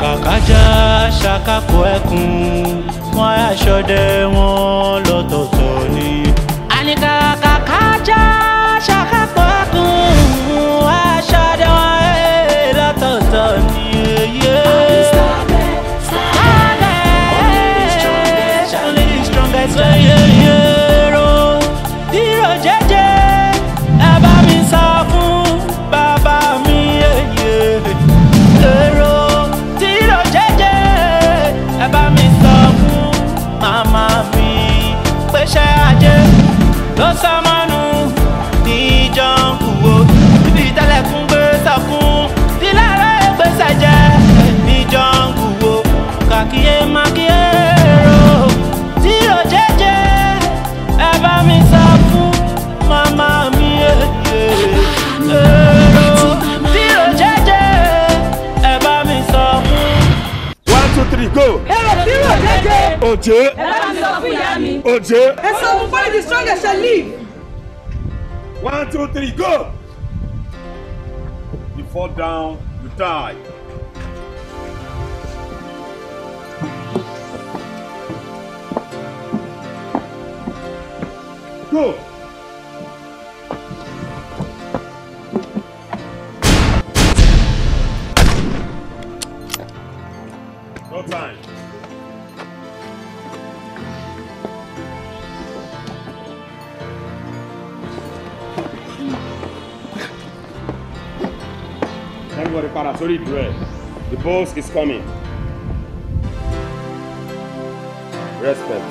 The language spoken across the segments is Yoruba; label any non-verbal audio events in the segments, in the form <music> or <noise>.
kàkàjà ṣàkàkọ ẹkùn wọn àṣọdẹ wọn ló sàmánú ní jọ́ǹkù o níbi ìtẹ́lẹ̀kùn gbé sọkún dílára ìgbésẹ̀ jẹ́ ní jọ́ǹkù wo, kàkíyé mákíyé ro tí ò jẹ́jẹ́ ẹ bá mi sọ fún màmá mi èrò tí ò jẹ́jẹ́ ẹ bá mi sọ fún. one two three go. èrò tí ò jẹ́jẹ́. òjé. ẹ bá mi sọ fún ìyá mi. òjé. ẹ sọ fún the I shall live. One, two, three, go. You fall down, you die. Go. sórí ìdúró the boss is coming respect.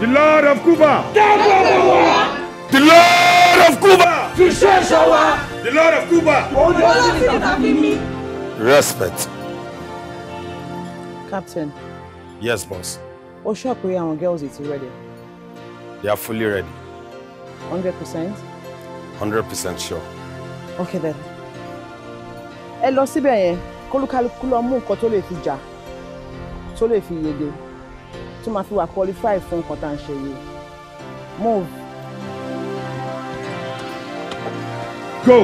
the lord of cuba. dábò the lord of cuba. fi the lord of cuba. respect. captain. yes boss. o sọ pé àwọn girls yìí ready. they are fully ready. hundred percent. hundred percent sure. okay then ẹ lọ síbẹ̀ yẹn kólúkálukú lọ mú nǹkan tó lè fi jà tó lè fi yege tó máa fi wà qualify fún nǹkan tá à ń ṣe yìí move. go.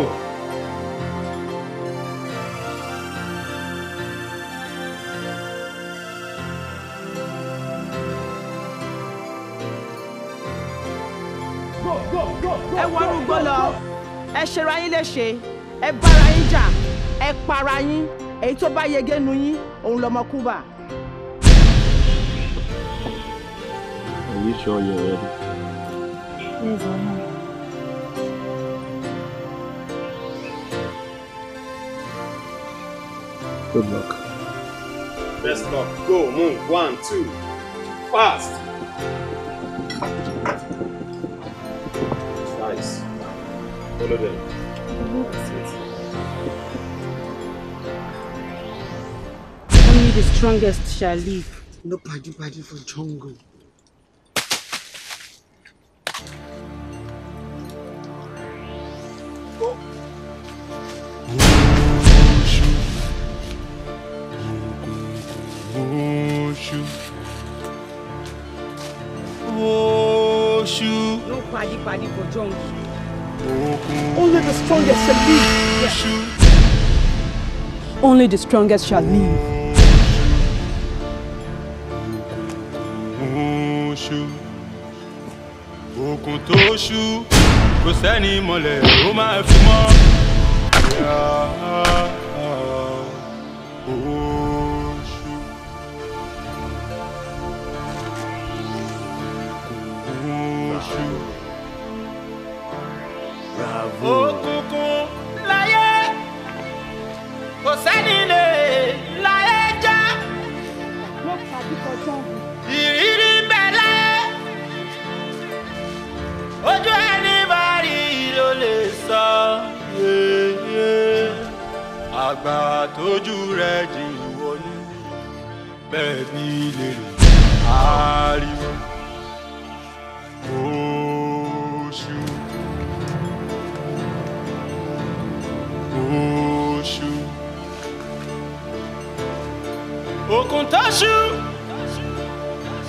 ẹ wọnú gbọ́ lọ ẹ ṣera yín léṣe ẹ bára yín jà ẹ para yín èyí tó bá yege nu yín òun lọmọ kúbà. Are you sure you're ready? Yes, I am. Good luck. Best luck. Go, move. One, two. Fast. Nice. Follow them. Only the strongest shall live. No padu padu for jungle. Only the strongest shall live. Yeah. Only the strongest shall live. ṣú òkun tó ṣú kò sẹ́ni mọ̀lẹ́ ó máa fi mọ́. Oṣù oṣù òkùnkùn láyé kò sẹ́ni. àgbà tójú rẹ̀ jìn wọlé bẹ́ẹ̀ ni lè rìn ariwo oṣù oṣù òkun tọ́ṣù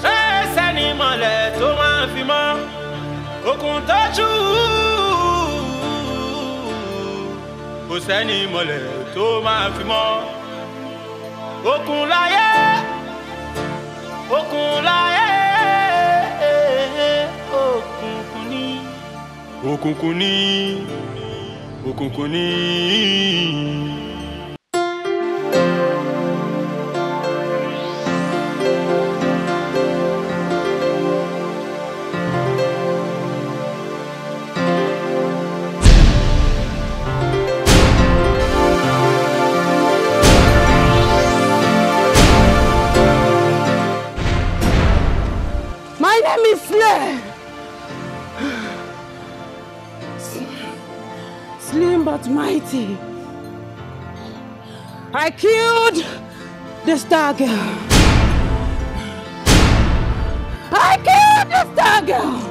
ṣẹ́ẹ́sẹ́ ni mọ̀lẹ́ tó máa fi mọ́ òkun tọ́ṣù kò sẹ́ni mọ̀lẹ́ tó máa fi mọ́ okùn láyé okùn láyé òkùnkùn ní òkùnkùn ní òkùnkùn ní. slim but mighty. I killed the star girl. I killed the star girl.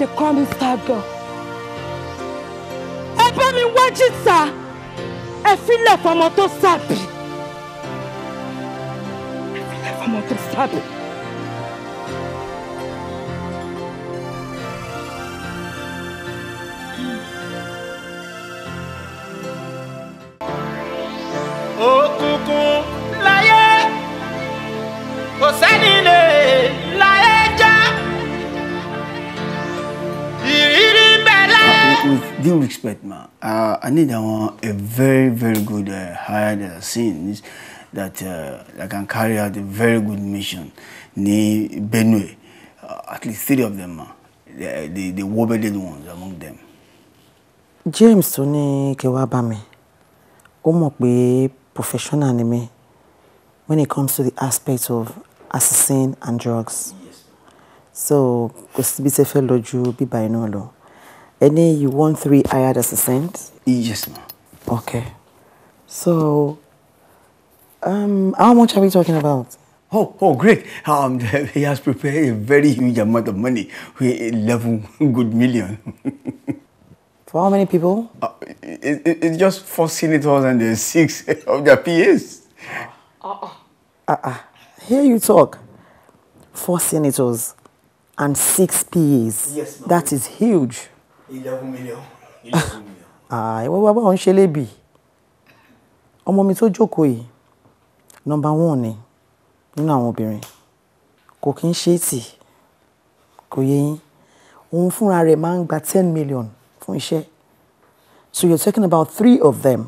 the crummy star girl. ẹ bá mi wá jìtà ẹ filẹ̀ fọmọ tó sábì ẹ filẹ̀ fọmọ tó sábì. perfect man. Uh, I need uh, a very, very good uh, hired uh, scenes that uh, that can carry out a very good mission. Ni Benue, uh, at least three of them, uh, the, the, the warbedded ones among them. James tó ní kí wá bá mi, professional ni when it comes to the aspect of assassin and drugs. Yes. So kò síbi tẹ́ fẹ́ lọ ju bíbá iná lọ. Any you want three hired assistants? Yes, ma'am. Okay. So, um, how much are we talking about? Oh, oh, great. Um, <laughs> he has prepared a very huge amount of money. 11 <laughs> good million. For how many people? Uh, it, it, it's just four senators and uh, six <laughs> of their PAs. Uh-uh. Uh-uh. Here you talk. Four senators and six PAs. Yes, ma'am. That is huge eleven million. eleven million. <laughs> Ah, ìwọ bàbá òun ṣe lébi ọmọ mi tó jókòó yìí nọ́mbà one ni nínú àwọn obìnrin kò kí ń ṣe tì kò yé yín òun fúnra rẹ̀ máa ń gba ten million fún iṣẹ́ so you're talking about three of them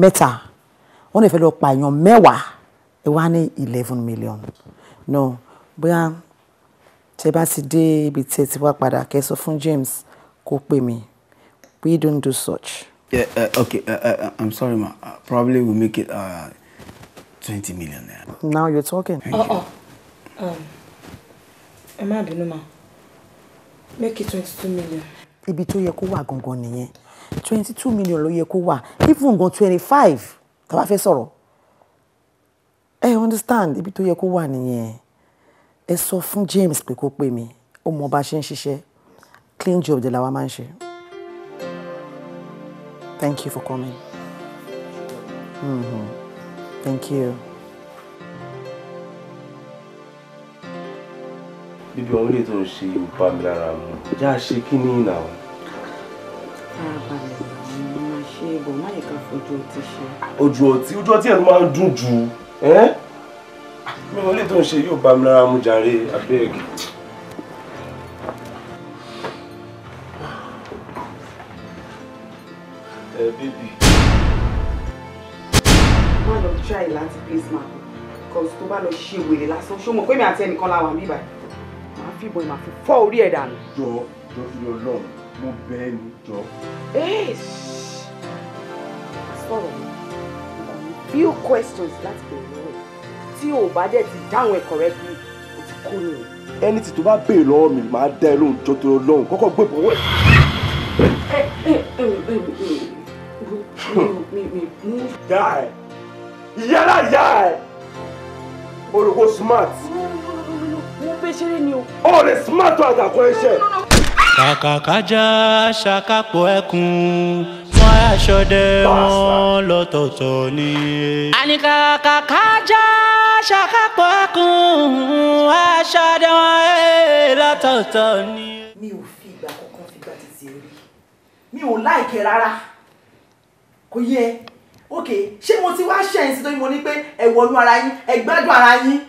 mẹ́ta wọ́n lè fẹ́ lọ pààyàn mẹ́wàá ẹ wá ní eleven million no bóyá tẹ bá ti dé ibi tí ti wá padà kẹ́ fún James kó pè mí we don't do such. Yeah, uh, okay, uh, uh, uh I'm sorry ma, uh, probably we'll make it uh, twenty million naira. Now you're talking. Thank oh, oh, um, ẹ má bínú ma, make it twenty-two million. Ibi tó yẹ kó wà gangan nìyẹn twenty-two million ló yẹ kó wà even gan twenty-five tá a bá fẹ́ sọ̀rọ̀ ẹ understand ibi tó yẹ kó wà nìyẹn ẹ sọ fún James pé kó pè mí ó mọ bá ṣe ń ṣiṣẹ́ clean job de la máa ń ṣe. Thank you for coming. Mm-hmm. Thank you. bíbí ọmọ ilé tó ń ṣe ò bá mi lára mu já ṣe kí ní ìnà o. farabalẹ̀ mo máa ṣe ibò má yẹ ká fojú ọtí ṣe. ojú ọtí ojú ọtí ẹ̀ ló máa ń dùn jù. bíbí ọmọ ilé tó ṣe yóò bá mi lára mu jàre abeg. try láti place mark because tó bá lọ ṣe wèrè lásán ṣó mọ̀ pé mi àti ẹnìkan la wà ní ìbàdàn fi ìbọn ìmàfi fọ́ orí ẹ̀ dànù. jọ jọ fi Ọlọ́run mo bẹ̀ ẹ́ ní jọ. sọ̀rọ̀ mi few questions láti bẹ̀rẹ̀ lọ́wọ́ tí o bá dẹ̀ ti dáhùn ẹ̀ correctly o ti kó ni. ẹni tí tó bá béèrè lọ́wọ́ mi màá dá ẹ lóhùn jọ tó lọ́hùn kọ́kọ́ gbé bọ̀ wẹ̀. Die! yàrá ìyá ẹ̀ o rò kó smart. mo fẹ́ ṣeré ni o. o lè smart àgàkọ ẹṣẹ. kàkàkàjà ṣàkàpọ̀ ẹkùn wọn aṣọdẹ wọn lọ́tọ̀ọ̀tọ̀ ni. àní kàkàkàjà ṣàkàpọ̀ ẹkùn wọn wọn eh, lọ́tọ̀ọ̀tọ̀ ni. mi ò fi ìgbà kankan fi gbà rí mi ò láìkẹ́ rárá kò yẹ ok ṣé mo ti wá ṣẹ̀yìn sí lórí mo ní pé ẹ wọnú ara yín ẹ gbádùn ara yín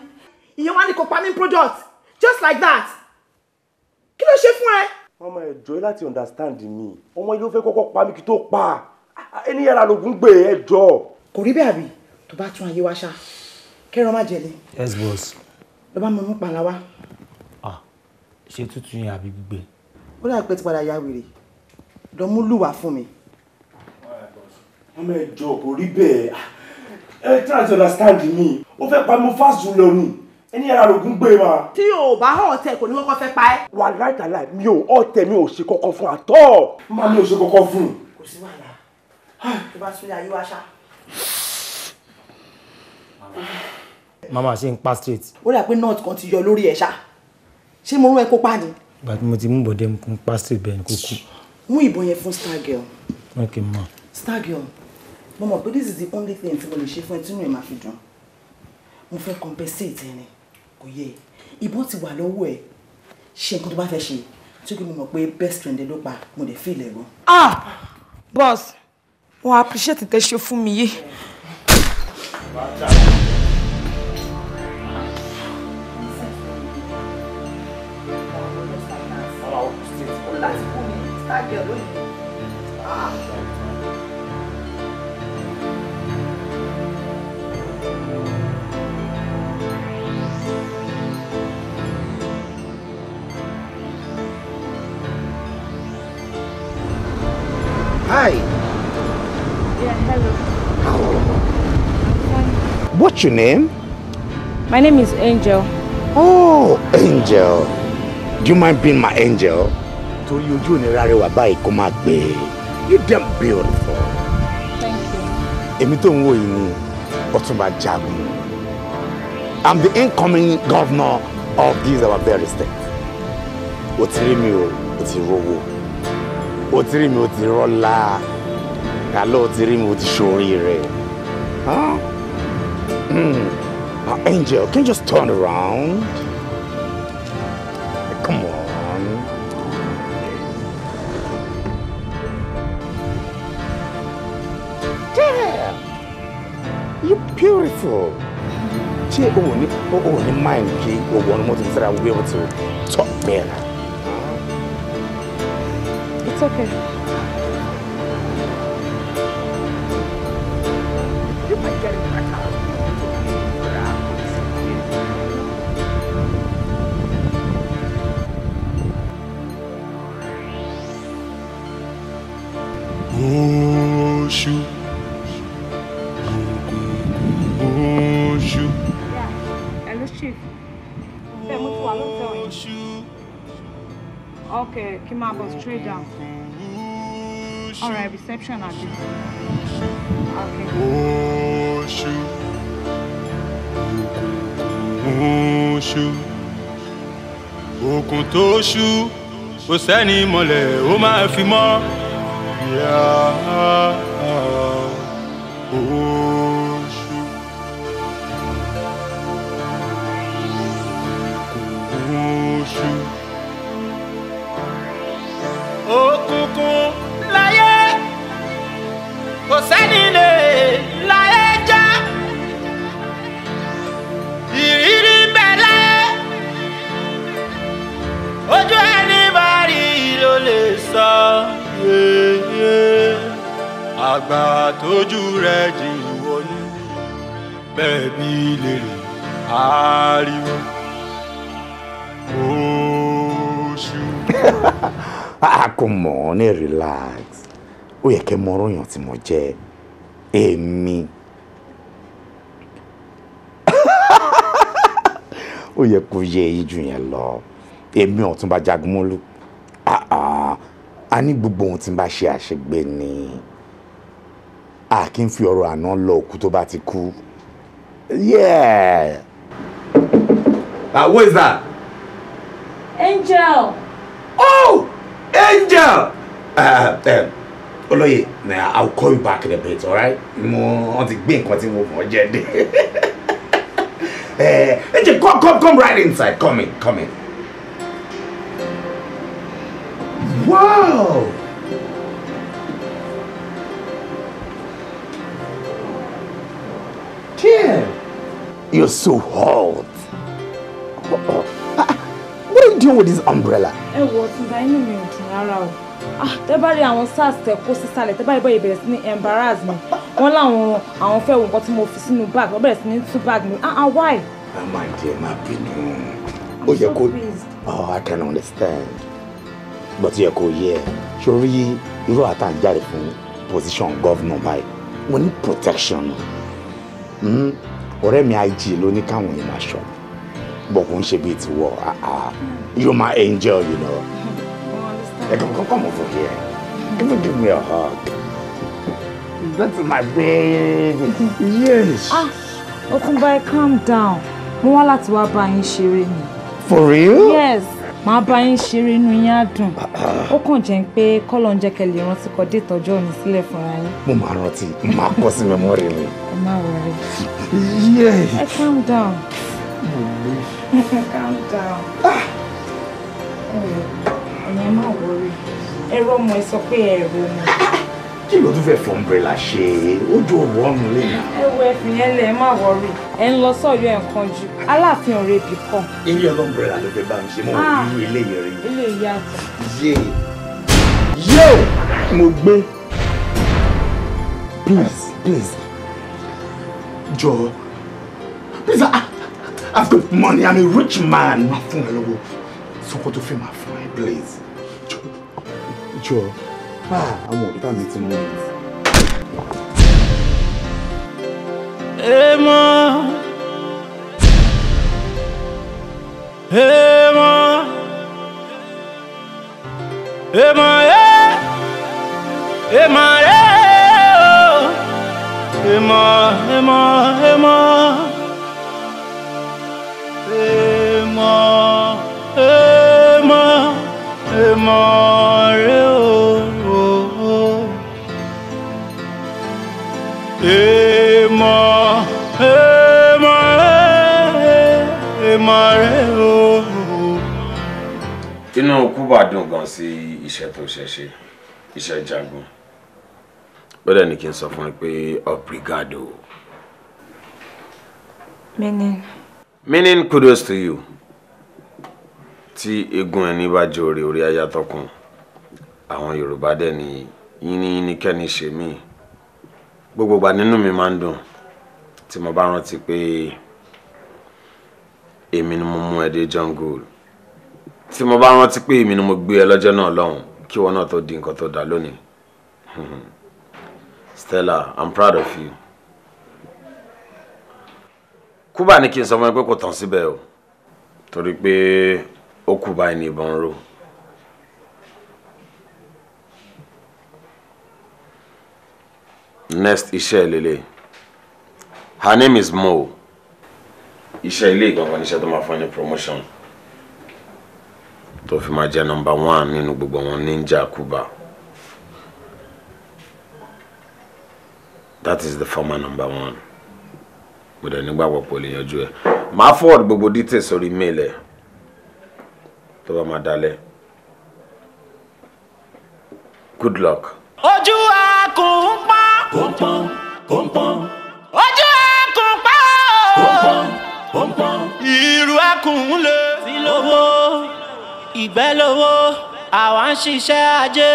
ìyẹn wá ní kò pa mí product just like that kí ló ṣe fún ẹ. ọmọ ẹjọ́ láti understand mi ọmọ yìí ló fẹ́ kọ́kọ́ pa mí kí tó pa ẹni yàrá lògùn gbé ẹjọ́. kò rí bẹ́ẹ̀ àbí tó bá tún ayé wa ṣá kẹ́rọ má jẹ̀lé. yes boss. ló bá mú mú pàlà wá. ah ṣe tútù yẹn àbí gbígbẹ. ó dàbí pé ti padà ya wèrè lọ mú lùwà fún mi ọmọ ẹjọ kò rí bẹ́ẹ̀ ah, ẹ try to understand me ó fẹ́ pa mo fásitì lọ ni ẹni ara rògùn gbé wa. tí o bá hàn ọ̀tẹ̀ kò ní kọ́kọ́ fẹ́ pa ẹ́. wà láìtàláì mi ò ọ̀tẹ̀ mi ò ṣe kọ́kọ́ fún àtọ́. má mi ò ṣe kọ́kọ́ fún. kò sí wàhálà tó bá súnlẹ̀ ayé wa ṣá. mama ṣe ń pa straight. ó dà pé nọ́ọ̀tì kan ti yọ lórí ẹ̀ ṣá ṣé mo rún ẹ kó pa ni. bàtí mo ti mú bọ̀dé ń pa straight bẹ́ẹ̀ ni kò kú. mú ìbọn yẹn fún star girl. ok ma. star girl mo mọ̀ pé this is the only thing tí mo lè ṣe fún ẹ tínú ẹ máa fi dùn mo fẹ́ compensate ẹni kò yẹ ìbọn ti wà lọ́wọ́ ẹ ṣe nǹkan tó bá fẹ́ ṣe tí ó kí mo mọ̀ pé best friend ẹ ló pa mo dẹ̀ feel ẹ̀ gan. ah boss wọn well, appreciate tẹ ṣe fún mi yìí. láti kú ní stadium lónìí. Ah! Hi. Yeah, hello. What's your name? My name is Angel. Oh, Angel. Do you mind being my angel? To you, you ní rárẹwà báyìí kó máa gbé. You damn beautiful. Thank you. Èmi tó ń wò ni Ọ̀túnba Jagun. I'm the incoming governor of this our very state. Ó ti mi o, ó ti rówó ó ti rí mi ó ti rọ́lá kálọ́ ó ti rí mi ó ti ṣoríire. Huh? Now, hmm. ah, Angel, can you just turn around? Come on. Damn! You're beautiful. Jay, oh, oh, oh, mind, Jay, oh, one more thing that I will be able to talk better. It's okay. Oh, shoot. Oh, shoot. Yeah, Okay, que straight down. reception. All reception at this. Okay. Oṣù. Oṣù. tó ṣú, kò sẹ́ni mọ̀lẹ̀ ó máa fi mọ́. Yàrá. Oṣù. àgbà tójú rẹ̀ jì wọlé bẹ́ẹ̀ bí lèrè ariwo oṣù. come <laughs> on relax ó yẹ kẹ́ mọ ọ̀rọ̀ yàn tí mo jẹ́ èmi. <laughs> ó yẹ kó yẹ èyí jù yẹn lọ èmi ọ̀túnba jagunmólú ah, ah. a ní gbogbo ohun tí n bá ṣe àṣegbè ni a kì í fi ọ̀rọ̀ àná lọ òkú tó bá ti kú. Yeah. Ah, who is that? Angel. Oh, Angel. Uh, um, Olóyè, Nah, I'll call you back in a bit, all right? Mo wọ́n ti gbé nǹkan tí mo mọ̀ jẹ́ dé. <laughs> Eh, Angel, come, come, come right inside. Come in, come in. Wow! You're so hot. what are you doing with this umbrella? Ẹ wo tìǹda inú mi ò dùn rárá o. Ah, tẹ́ bá rí àwọn SARS tẹ kó sísàlẹ̀ tẹ́ bá rí bọ́yìí embarrass me. Wọ́n láwọn àwọn fẹ́ wo nǹkan tí mo fi sínú bag wọ́n bẹ̀rẹ̀ sí ní tú bag me. Ah ah why? Ah, my dear my bínú. Oh, you're good. Oh I can understand. But you're good kó Surely you go àtàǹjáde fún position governor báyìí. We need protection. -hmm ọ̀rẹ́ mi IG ló ní káwọn yìí máa ṣọ bọ̀ kò ń ṣe bíi tiwọ́ ah, ah, you my angel you know mm. ẹ kàn kàn come over here give me give me a hug that's my baby yes. ah otunbaye calm down mo wá láti wá bá yín ṣeré ni. for real. yes màá bá yín ṣeré inú yín á dùn ó kàn jẹ́ pé kọ́lọ̀ ń jẹ́ kẹ́ lè rántí kọ déètì ọjọ́ òní sílẹ̀ fúnra yín. mo máa rántí màá kọ sí mẹmọ́rì mi. ẹ má wọrí. ẹ calm down. calm down. Ah! ẹ̀yin ẹ má wọrí ẹ̀rọ ọmọ ẹ sọ pé ẹ̀rọ ọmọ kí ló tún fẹ́ fi umbrella ṣe ojú ọ̀rọ̀ ọ̀run lè nà. ẹ wo ẹfin yẹn lẹ ẹ má wọrí ẹ ń lọ sọyọ ẹ jù aláàfin ọ̀rẹ́ ibì kan. eré ọlọ umbrella ló fẹ́ bá mi ṣe mọ ah, irú eléyìí rí. eléyìí yàtọ̀. yé yóò mo gbé please please jọ please I, I've got money I'm a rich man. máa fún ẹ lọ́wọ́ sọ́kọ́ tó fẹ́ máa fún ẹ please jọ. jọ àwọn ọ̀tá mi ti mú mi. èèmọ̀ èèmọ̀ èèmọ̀ ẹ èèmọ̀ ẹ èèmọ̀ èèmọ̀ èèmọ̀ èèmọ̀ búba dùn gan sí iṣẹ́ tó ṣe ṣe iṣẹ́ jagun ó dẹ̀ ní kí n sọ fún ẹ pé obrigado. meaning. meaning kudos to you tí egun ẹni bá jẹ òrè orí aya tọkùn àwọn yorùbá dẹ̀ ní yínníyínníkẹ́ni ṣe mí gbogbo ìgbà nínú mi máa ń dùn tí mo bá rántí pé èmi ni mo mú ẹ dé jungle tí mo bá rántí pé èmi ni mo gbé ẹ lọ́jọ́ náà lọ́hùn kí wọn náà tó di nǹkan tó dà lónìí <laughs> Stella I'm proud of you kúbà ní kí n sọ fún ẹ pé kò tán síbẹ̀ o torí pé ó kú báyìí ní ìbọn ró. next iṣẹ́ lele her name is Mo iṣẹ́ ilé ìgbọ̀ngàn níṣẹ́ tó máa fún ẹ ní promotion tó fi máa jẹ́ nọ́mbà one nínú gbogbo wọn ninja kuba that is the former number one mo dẹ̀ nígbàgbọ́ pé o lè yanjú ẹ̀ máa forward gbogbo details sórí mail ẹ̀ tó bá máa dalẹ̀ good luck. ojú akùn ń pọ́n. kò ń ojú akùn ń pọ́n kò ń ìrù akùn ń lè. sí lówó ìgbẹ́ lówó àwa ń ṣiṣẹ́ ajé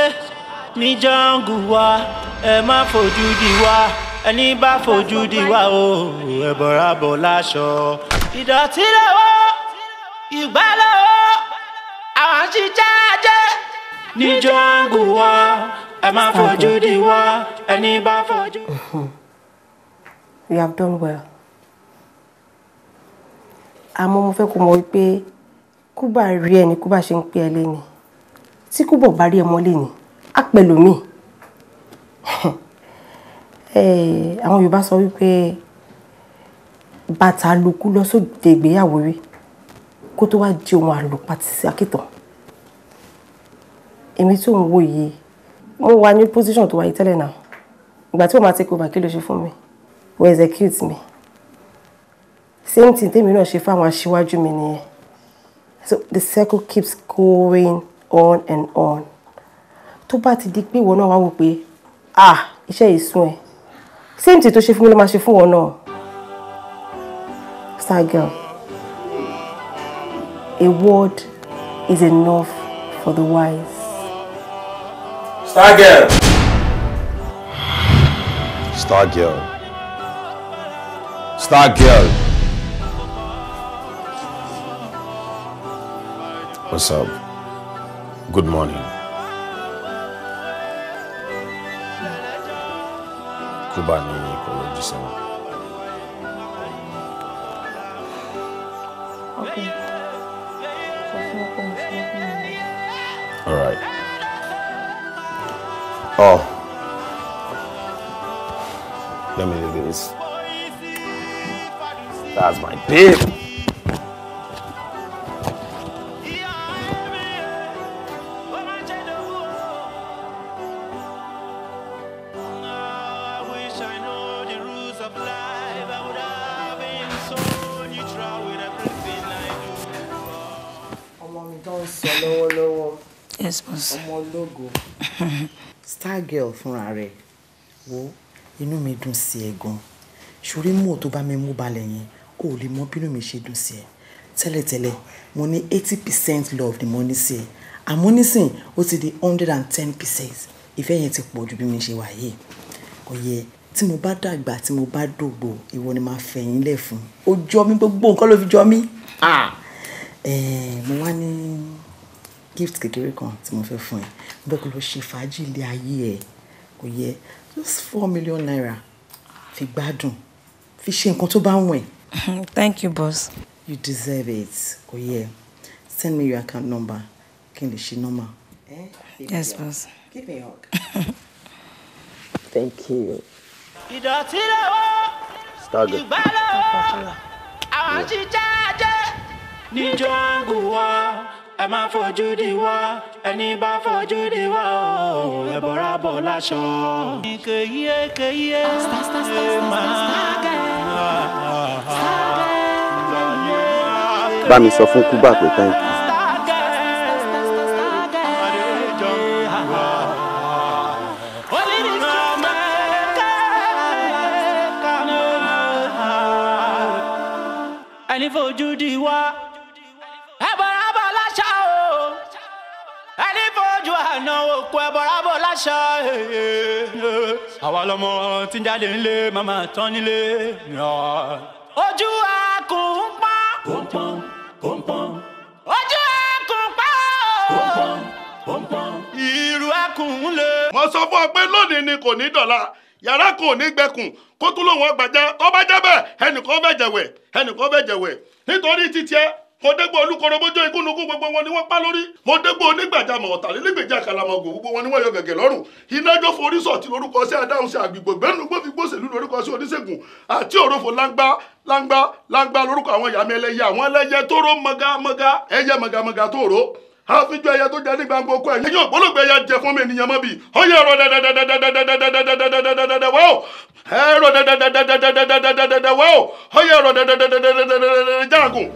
ní jọ́ngù wa ẹ má fojú di wa ẹni bá fojú di wa o ẹ bọ̀rá bọ̀ láṣọ. ìdọ̀tí lówó ìgbẹ́ lówó àwa ń ṣiṣẹ́ ajé ní jọ́ngù wa ẹ má fojú di wa ẹni bá fojú. You have done well. Àmọ́ mo fẹ́ kó mọ̀ wípé kúbà rí ẹni kúbà ṣe ń pé ẹ lé ni tí kúbọ̀ bá rí ẹ mọ́lé ni á pẹ̀lú mi <laughs> àwọn Yorùbá sọ wípé bàtà lukú lọ sóde ìgbéyàwó rí kó tó wá di ohun àlùpàtì sí akítàn èmi tí òun wò yìí mo wà ní position tó wáyé tẹ́lẹ̀ náà ìgbà tí mo máa take over kí ló ṣe fún mi wọ́n execute mi same thing tèmi náà ṣe fáwọn aṣíwájú mi nìyẹn so the circle keeps going on and on tó bá ti di pé ìwọ náà wá wò pé ah iṣẹ́ yìí sún ẹ̀ same thing tó ṣe fún mi ló máa ṣe fún wọn náà star girl a word is enough for the wise. star girl. star girl. star girl. What's up? Good morning. Kubani apology sana. Okay. All right. Oh. Let me do this. That's my bit. fúnra rẹ̀ wo inú mi dùn sí ẹ gan ṣorí mò tó bá mi mú balẹ̀ yẹn kò lè mọ bínú mi ṣe dùn sí ẹ tẹ́lẹ̀tẹ́lẹ̀ mo ní eighty percent love ni mo ní sí ẹ àmọ́ nísìn ó ti di hundred and ten percent ìfẹ́ yẹn ti pọ̀ ju bí mi ṣe wà yìí kò yẹ tí mo bá dàgbà tí mo bá dògbò ìwọ ni màá fẹ̀yìn lẹ̀ fún ó jọ mí gbogbo nǹkan ló fi jọ mí ah! mo wá ní gift kékeré kan tí mo fẹ́ fún ẹ bẹ́ẹ̀ kó lọ ṣe fàájì ilé ayé ẹ̀ kò yẹ just four million naira fi gbádùn fi ṣe nǹkan tó bá wọ̀n <laughs> thank you boss. you deserve it kò yẹ send me your account number kí n lè ṣe normal. Eh? yes boss. give me a hug. <laughs> thank you. ìdọ̀tí lọ́wọ́ ìgbà lọ́wọ́ àwọn jíjá jẹ́ níjọ́ ń gùn wá ẹ má fojú di wá ẹni bá fojú di wá o ẹ bọ̀rá bọ̀ láṣọ. kèyíé kèyíé ẹ máa. bá mi sọ fún kúbà pé thank you. ẹni fojú di wá. àná òkú ẹbọra bò láṣà eh, eh, eh. àwa lọmọ tí ń jáde nílé màmá tán nílé. ojú ẹkùn ń pọ́n. pọ́npọ́n pọ́npọ́n. ojú ẹkùn pọ́n. pọ́npọ́n pọ́npọ́n. ìrù ẹkùn ń lè. mo sọ fún ọ pé lónìí ni kò ní dọ̀la yàrá kan ò ní gbẹkùn kó tún lóun ọgbà jẹ tó bá jẹ bẹ́ẹ̀ ẹnìkan bẹ jẹwẹ ẹnìkan bẹ jẹwẹ nítorí títí ẹ mo dégbò olúkorobójó ikúnnukú gbogbo wọn ni wọ́n pa lórí mo dégbò onígbàjámọ̀ ọ̀tàlélégbèjà kàlàmọ̀gò gbogbo wọn ni wọ́n yọ gẹ̀gẹ̀ lọ́rùn inájọ́ forísọ̀ tí lórúkọ sí adáhùn sí àgbègbè gbẹ́nu gbófi gbóṣèlú lórúkọ sí oníṣègùn àti òròfò láńgbá láńgbá láńgbá lórúkọ àwọn ìyàmẹ́ ẹlẹ́yẹ àwọn ẹlẹ́yẹ tóró mọ̀gámọ̀gá ẹyẹ mọ̀gámọ̀gá tóòró àfijọ ẹyẹ tó jẹ ní gbangba oko ẹyẹ yóò gbólógbé ẹyẹ jẹ fún mi ènìyàn mọ bi ọyẹ ẹrọ dẹdẹdẹdẹdẹdẹdẹdẹdẹdẹdẹdẹdẹ wọ ẹrọ dẹdẹdẹdẹdẹdẹdẹdẹdẹdẹ wọ ọyẹ ẹrọ dẹdẹdẹdẹdẹdẹdẹdẹdẹdẹ jágùn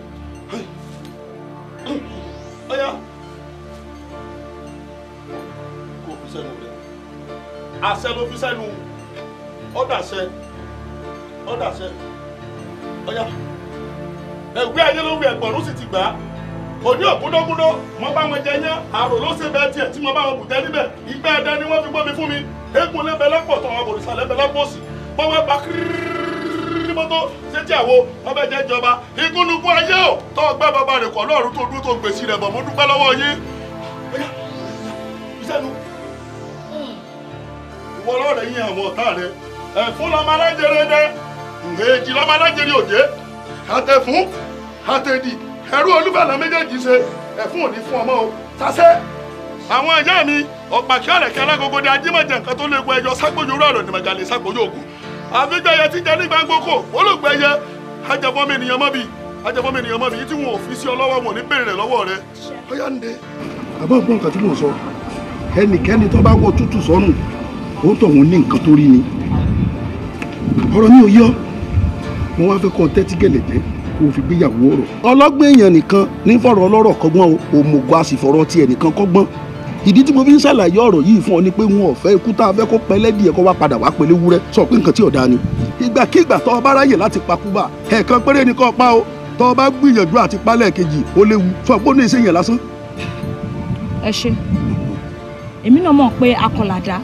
ọyá kò fi sẹ́nu rẹ̀ àṣẹ ló fi sẹ́nu ọ̀dàṣẹ ọ̀dàṣẹ ọyá ẹ̀wí ayé ló wí ẹ̀gbọ̀n ló sì ti gbà á òní ògúndógúndó mo bá wọn jẹ yán àrò ló ṣe bẹ́ẹ̀ tiẹ̀ tí mo bá wọn bùtẹ́ níbẹ̀ ìgbẹ́ ẹ̀dá ni wọ́n fi gbọ́ mi fún mi eégún lẹ́bẹ̀ẹ́ lọ́pọ̀ tó wọn bòrìṣà lẹ́bẹ̀ẹ́ lọ́pọ̀ sí bọ́wọ́ bá kírírí mọ́tò sétí àwo ọbẹ̀ jẹ́ ìjọba ìgúnnugún ayé ò tó ọgbẹ́ bàbá rẹ̀ kọ́ lọ́ọ̀rún tó dúró tó gbèsè rẹ̀ bọ̀ mọ́ dúpẹ́ lọ́wọ́ yín. ìṣẹ́nu ìwọ ọlọ́rẹ̀ yín àwọn ọ̀tá rẹ̀ ẹ̀ lọ́mọ alájẹrẹ dẹ́ lọ́mọ alájẹrẹ àtẹ̀fún àtẹ̀dì ẹ̀rú méjèèjì ṣe ẹ̀fún òní fún àfígbẹ̀yẹ ti jẹ nígbà gboko olùgbẹ̀yẹ ajẹfọ́mi ènìyàn mọ́bi ajẹfọ́mi ènìyàn mọ́bi yìí tí wọn ò fi sí ọ wọn ní rẹ ọyá ń de. tí mò ń sọ ẹnikẹ́ni tó bá wọ tútù sọ́nù ó ní nǹkan tó rí ni ọ̀rọ̀ mi ò yọ mo wá fẹ́ o fi gbéyàwó ọlọ́gbẹ́yàn ìdí tí mo fi ń ṣàlàyé ọ̀rọ̀ yìí fún ọ ni pé wọn ò fẹ́ ikú tá a fẹ́ kó pẹ́ lẹ́dìí ẹ̀kọ́ wá padà wá pẹ̀lú ewúrẹ́ sọ pé nǹkan tí ò dáa ni. ìgbàkigbà tó o bá ráyè láti pakúbà ẹ̀ẹ̀kan péré ni kó pa o tó o bá gbìyànjú àti palẹ̀ kejì ó léwu sọ pé ó ní iṣẹ́ lásán. ẹ ṣe èmi náà mọ̀ pé akọ̀làdá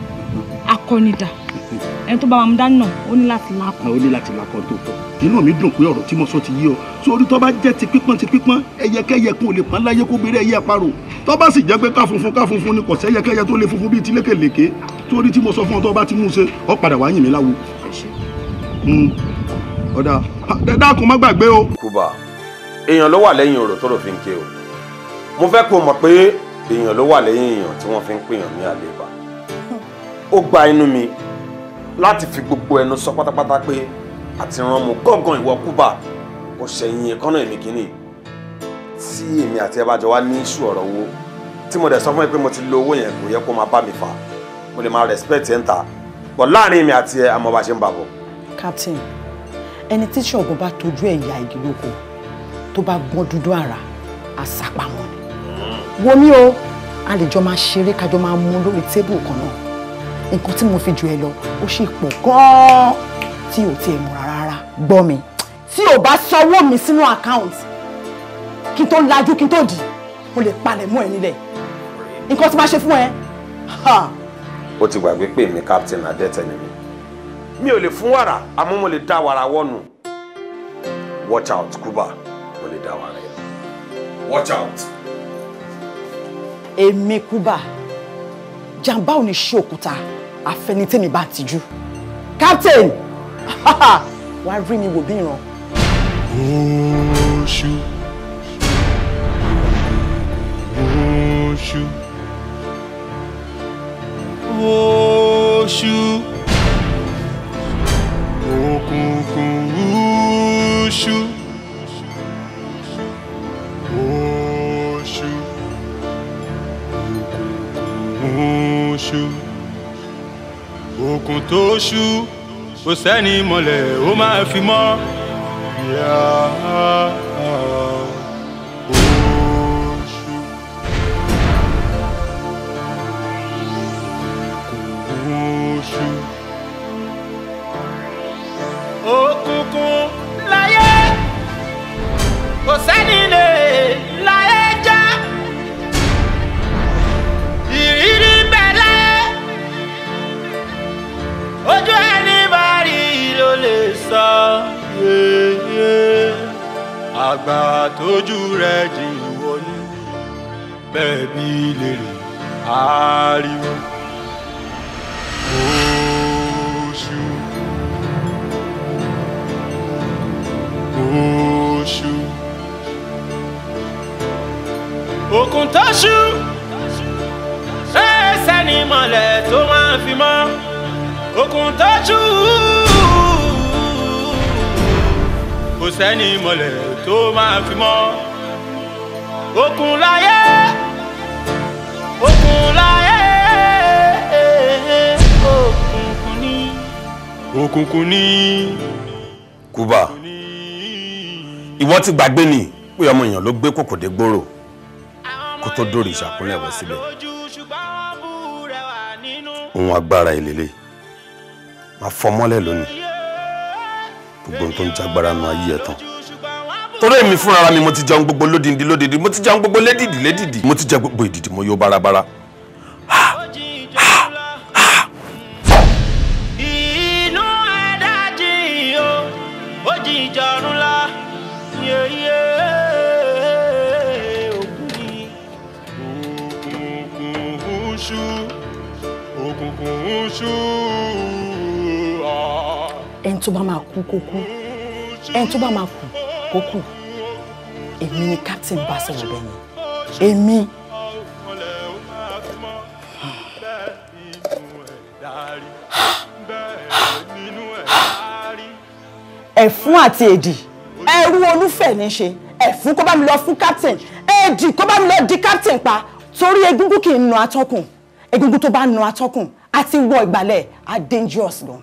akọ̀nìdà ẹni tó bá wa mú dání náà ó ní láti lakọ. ó ní láti lakọ tó tọ inú mi dùn pé ọ̀rọ̀ tí mo sọ ti yí ọ sórí tó bá jẹ́ ti pípọ́n ti pípọ́n ẹyẹkẹ́yẹ kò lè pọ́n láyé kó bèrè ẹyẹ parò tó bá sì jẹ́ pé ká funfun ká funfun ni kò sí ẹyẹkẹ́yẹ tó lè funfun bíi ti lékèlékè sórí tí mo sọ fún ọ tó bá ti mú un ṣe ọ padà wàá yìn mí láwo. Hmm. ọ̀dà dẹ́dá kò má gbàgbé o. kùbà èèyàn ló wà lẹ́yìn ọ̀rọ̀ tó rò fi ń ké o mo fẹ́ kó mọ̀ pé èèyàn ló wà lẹ́yìn èèyàn tí wọ́n fi ń pèèyàn láti fi gbogbo ẹnu sọ pátápátá pé àti ràn mú gángan ìwọ kúbà kò ṣẹ̀yìn ẹ̀kọ́nà èmi kìíní tí èmi àti ẹ bá jọ wá ní iṣu ọ̀rọ̀ owó tí mo dẹ̀ sọ fún ẹ pé mo ti lo owó yẹn kò yẹ kó máa bá mi fà mo lè máa respect ẹ̀ ń ta bọ̀ láàrin èmi àti ẹ àmọ́ bá ṣe ń bà bọ̀. captain ẹni tí ṣọ̀gbọ́n bá tójú ẹ̀ ya igi lóko tó bá gbọ́n dúdú àrà àṣàpamọ́ ni hmm. wo mi o a lè jọ máa ṣeré kájọ máa mú lórí tébù kan náà nǹkan tí mo fi jù ẹ lọ ó ṣe pọ̀ gan-an tí ò tiẹ̀ mọ̀ rárá gbọ́ mi tí ò bá sanwó mi sínú account kí n tó lajú kí n tó dì mo lè palẹ̀ mọ́ ẹ nílẹ̀ nǹkan tí máa ṣe fún ẹ. ó ti gbàgbé pé mi captain adẹ́tẹ̀ ni mi mi ò lè fún wàrà àmọ́ mo lè dá wàrà wọ́nu watch out kuba mo lè dá wàrà yẹn watch out. èmi kuba jàǹbá ò ní ṣe òkúta àfẹnitẹ́mi bá tijú captain <laughs> wàá rí mi wò bí ìran. oṣù oṣù oṣù òkùnkùn oṣù. Oṣù, òkùnkùn òkùn tó ṣú kò sẹ́ni mọ̀lẹ̀ ó máa fi mọ́ ìyá oṣù. oṣù. òkùnkùn láyé kò sẹ́ni lè. àgbà tójú rẹ̀ jìn wọlé bẹ́ẹ̀ bí lèrè ariwo oṣù oṣù òkun tọ́ṣù ni mọ̀lẹ́ tó máa ń fi mọ́ òkun kò sẹ́ni mọ̀lẹ́ tó máa fi mọ́ okùn láyé okùn láyé òkùnkùn ní. òkùnkùn ní. Kuba ìwọ ti gbàgbé ni pé ọmọ èèyàn ló gbé kòkò dé gbòòrò kó tó dórí ìṣàkúnlẹ̀ wọ síbẹ̀ ohun agbára ìlélẹ̀ máa fọmọ́lẹ̀ lónìí gbogbo ohun tó ń jágbára nu ayé ẹ̀ tán torí èmi fúnra mi mo ti jẹun gbogbo lódìdí lódìdí mo ti jẹun gbogbo lédìdí lédìdí mo ti jẹ gbogbo ìdìdí mo yó bárabára. inú ẹ̀dá jì yó ó la yeye òkun òkùnkùn ṣú òkùnkùn ṣú. Ah. ẹni tó bá máa kú kó kú ẹni tó bá máa kú àkókò èmi ni captain bá sọ̀rọ̀ bẹ́ẹ̀ yẹn èmi. ẹ̀fún àti èdì ẹrú olúfẹ̀ ní ṣe ẹ̀fún kó bá mi lọ fún captain èdì kó bá mi lọ di captain pa torí egungun kì í nu atọ́kùn egungun tó bá nu atọ́kùn àti wọ ìgbàlẹ̀ are dangerous gan.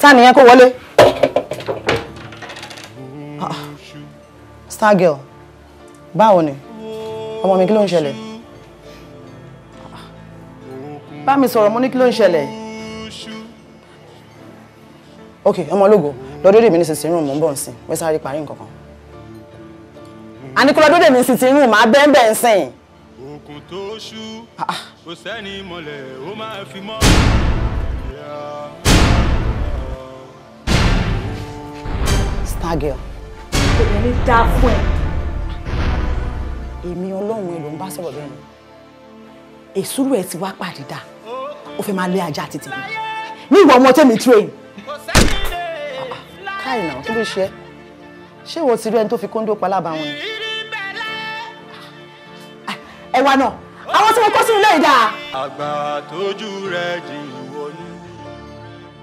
ta nìyẹn kó wọlé. star girl báwo ni ọmọ mi kí ló ń ṣẹlẹ̀ bá mi sọ̀rọ̀ mo ní kí ló ń ṣẹlẹ̀ ok ọmọ ológo lọ́dọ̀ dèmi ní sísìn rún mò ń bọ̀ nsìn wọ́n sáré parí nǹkan kan àníkú lọ́dọ̀ dèmi ní sísìn rún màá bẹ́ẹ̀ bẹ́ẹ̀ nsìn. òkun tó ṣú kò sẹ́ni mọ̀lẹ́ ó máa fi mọ́. star girl. èmi ní dá fún ẹ. èmi ọlọ́run ẹ ló ń bá sọ̀rọ̀ bẹ́ẹ̀ ni èsúrú ẹ ti wá pàdé dà ó fẹ́ máa lé ajá àti tèmi ní ìwọ ọmọ tẹ́mi train. káyìn náà kí ló ṣe é ṣé ìwọ ti rí ẹni tó fi kóńdó pa lábàá wọn. Ah, ẹ wá náà àwọn tí mo kọ́ sínú ilé ìdá. àgbà tójú rẹ jìn wọlé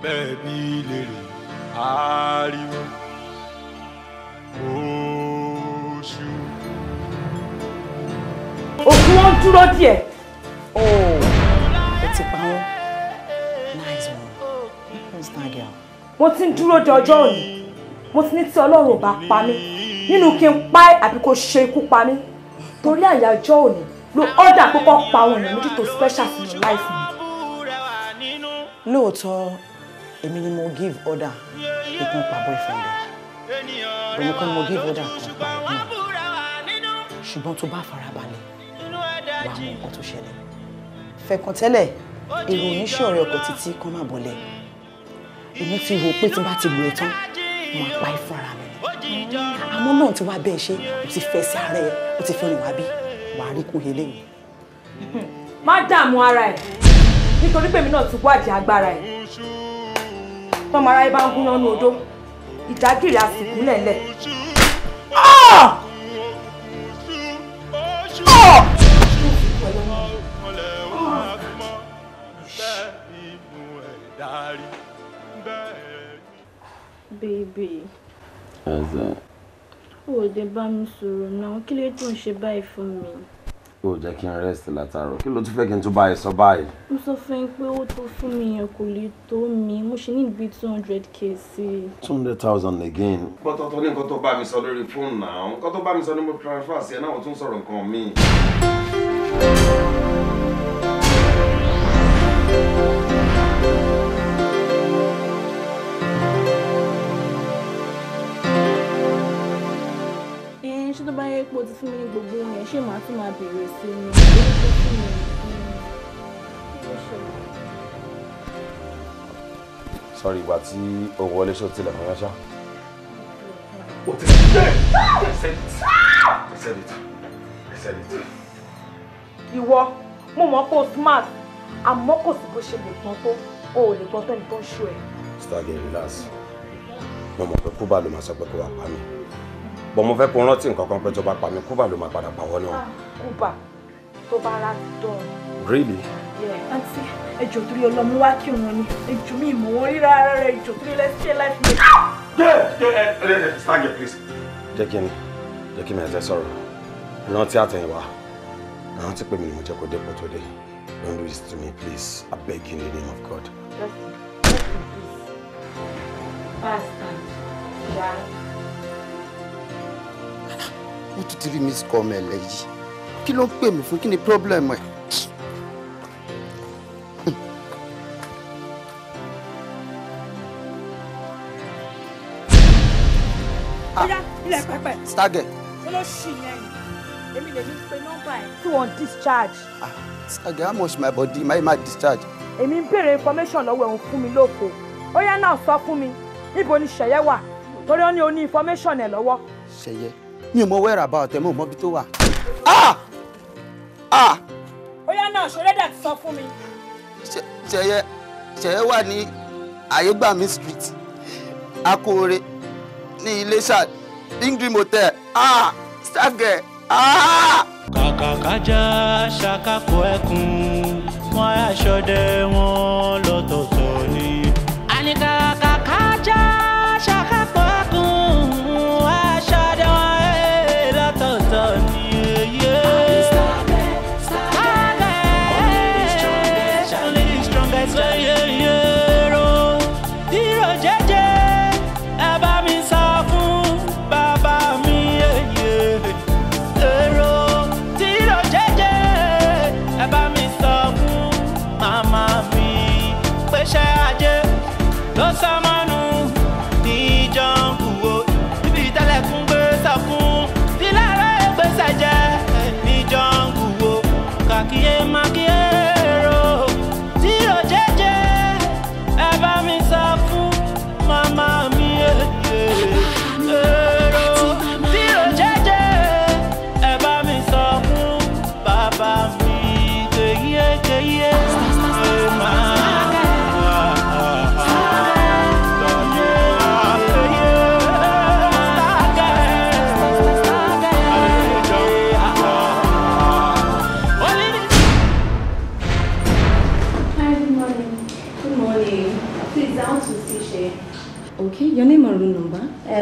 bẹ́ẹ̀ bí lè rí ariwo oṣù. òkú wọn dúró díẹ̀. ẹ oh, ti pa wọn nice one who's that girl. mo ti ń dúró de ọjọ́ òní mo ti ní tí ọlọ́run ò bá pa mí nínú kí n pa ẹ́ àbí kó ṣe ikú pa mí torí àyájọ́ òní ló ọ́dà púpọ̀ pa àwọn èèyàn mójútó special in your life mi. lóòótọ́ èmi ni mo give order pé kí n pa boyfriend òun kan ni mo gé bọ́dà tó pa náà ṣùgbọ́n tó bá farabalẹ̀ wà mọ nǹkan tó ṣẹlẹ̀ fẹ̀kàn tẹ́lẹ̀ èrò oníṣẹ́ ọ̀rẹ́ ọkọ̀ títí kan máa bọ̀lẹ̀ èmi ti rò pé tí bá ti lù ẹ́ tán máa pa ẹ́ fúnra mi àmọ́ náà ti wá bẹ́ẹ̀ ṣe o ti fẹ́ sí ara ẹ o ti fẹ́ràn wá bí wàá rí kún eléyìí. má dààmú ara ẹ nítorí pèmí náà ti wádìí agbára ẹ tọmọ ara ẹ bá ń gúná ní odó ìdágìrì àsìkò lẹ̀lẹ̀. Baby. How's that? Ó dé bá mi sọ̀rọ̀ náà, kí ló tó ń ṣe báyìí fún mi? o jẹ́ kí n rest látàárọ̀ kí ló tún fẹ́ kí n tún bá ẹ sọ báyìí. mo sọ fún yín pé owó tó fún mi yẹn kò lè tó mi mo ṣe ní ibi two hundred k sí i. two hundred thousand again. pọ́tọ́ tó ní nǹkan tó bá mi sọ lórí fóònù náà nǹkan tó bá mi sọ ní mo transfer sí ẹ náà wọ́n tún sọ̀rọ̀ nǹkan míì. ṣé tó bá yẹ pé o ti fún mi ní gbogbo ohun yẹn ṣé màá tún máa béèrè sí i ni orúkọ fún mi sọrí ìgbà tí o wọlé ṣó tilẹ̀ mọ́ yánṣá. o ti sẹ́ ẹ̀ ẹ̀sẹ̀ ẹ̀sẹ̀ ẹ̀sẹ̀ ẹ̀sẹ̀. ìwọ mo mọ̀ pé o smart àmọ́ kò sí bó ṣe lè gbọ́n tó o ò lè gbọ́n tó ẹni tó ń ṣó ẹ. star girl relax mo mọ̀ pé kúbà ló máa sọ pé kó wá pa mí bọ́ mo fẹ́ kó rántí nǹkan kan pé tó bá pa mí kúbà ló máa padà pàwọ́ náà. Ah, kúbà tó bá ra dán. really. àǹtí ẹjọ torí ọlọmọ wá kí wọn ni ẹjọ mi ìmọ̀ wọn rí rárá rẹ ẹjọ torí lẹ́sẹ̀ láti lè. jẹ jẹ ẹ ẹ stand here please. jẹ́ kí ni jẹ́ kí mi ẹ̀sẹ̀ sọ̀rọ̀ rántí àtẹ̀yìnwá rántí pé mi ni mo jẹ́ kó dépò tó dé don't do this to me please I beg you in the name of God. Bastard. Yeah ó tún ti rí miss com ẹ̀ kí ló ń pè mí fún kí ni problem ẹ̀. ilẹ̀ pẹ́pẹ́. stargate. olóṣì yẹn èmi lè ní pé discharge. ah stargate how much my body my ma discharge. èmi ń béèrè information lọ́wọ́ ẹ̀hún fún mi lóko ó yá náà sọ fún mi níbo ni ṣẹ̀yẹ wà torí ó ní o ní information ẹ̀ lọ́wọ́. ṣẹ̀yẹ mi ò mọ wẹ́rà bá ọ̀tẹ̀ mọ̀ mọ́bí tó wà. Ah! Ah! bóyá náà ṣọlẹ́dà ti sọ fún mi. ṣẹyẹ ṣẹyẹ wà ní àyégbàmí street akóore ní Iléṣà ingrid motel ah! stargate. kàkàkájà ṣàkàkọ ẹkùn wọn aṣọdẹ wọn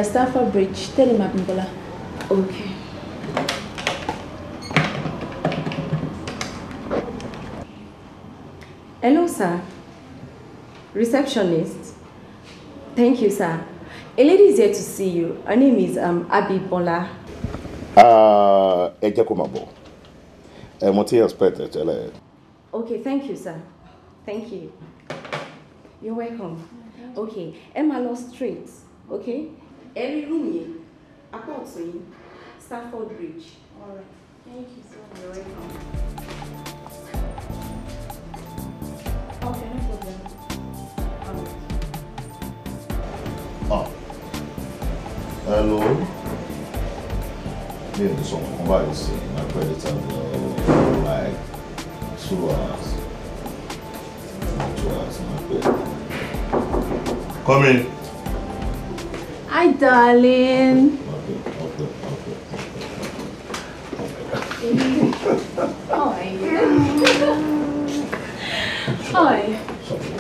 Stafford Bridge. Tell him Abimbola. Okay. Hello, sir. Receptionist. Thank you, sir. A lady is here to see you. Her name is um, Abibola. Ah, uh, ẹ jẹ́ kó máa bọ̀. Ẹ expect ẹ Okay, thank you, sir. Thank you. You're welcome. Okay, Emma máa Street. okay? ẹ̀rí rúùmù yẹn apá ọ̀tún yín Stafford Bridge. All Thank you You're welcome. Okay, no problem. All ah. right. Hello. Me and someone come back see my credit and uh, like two hours. Two hours, my credit. Come in. Hi, darling. Hi. Hi.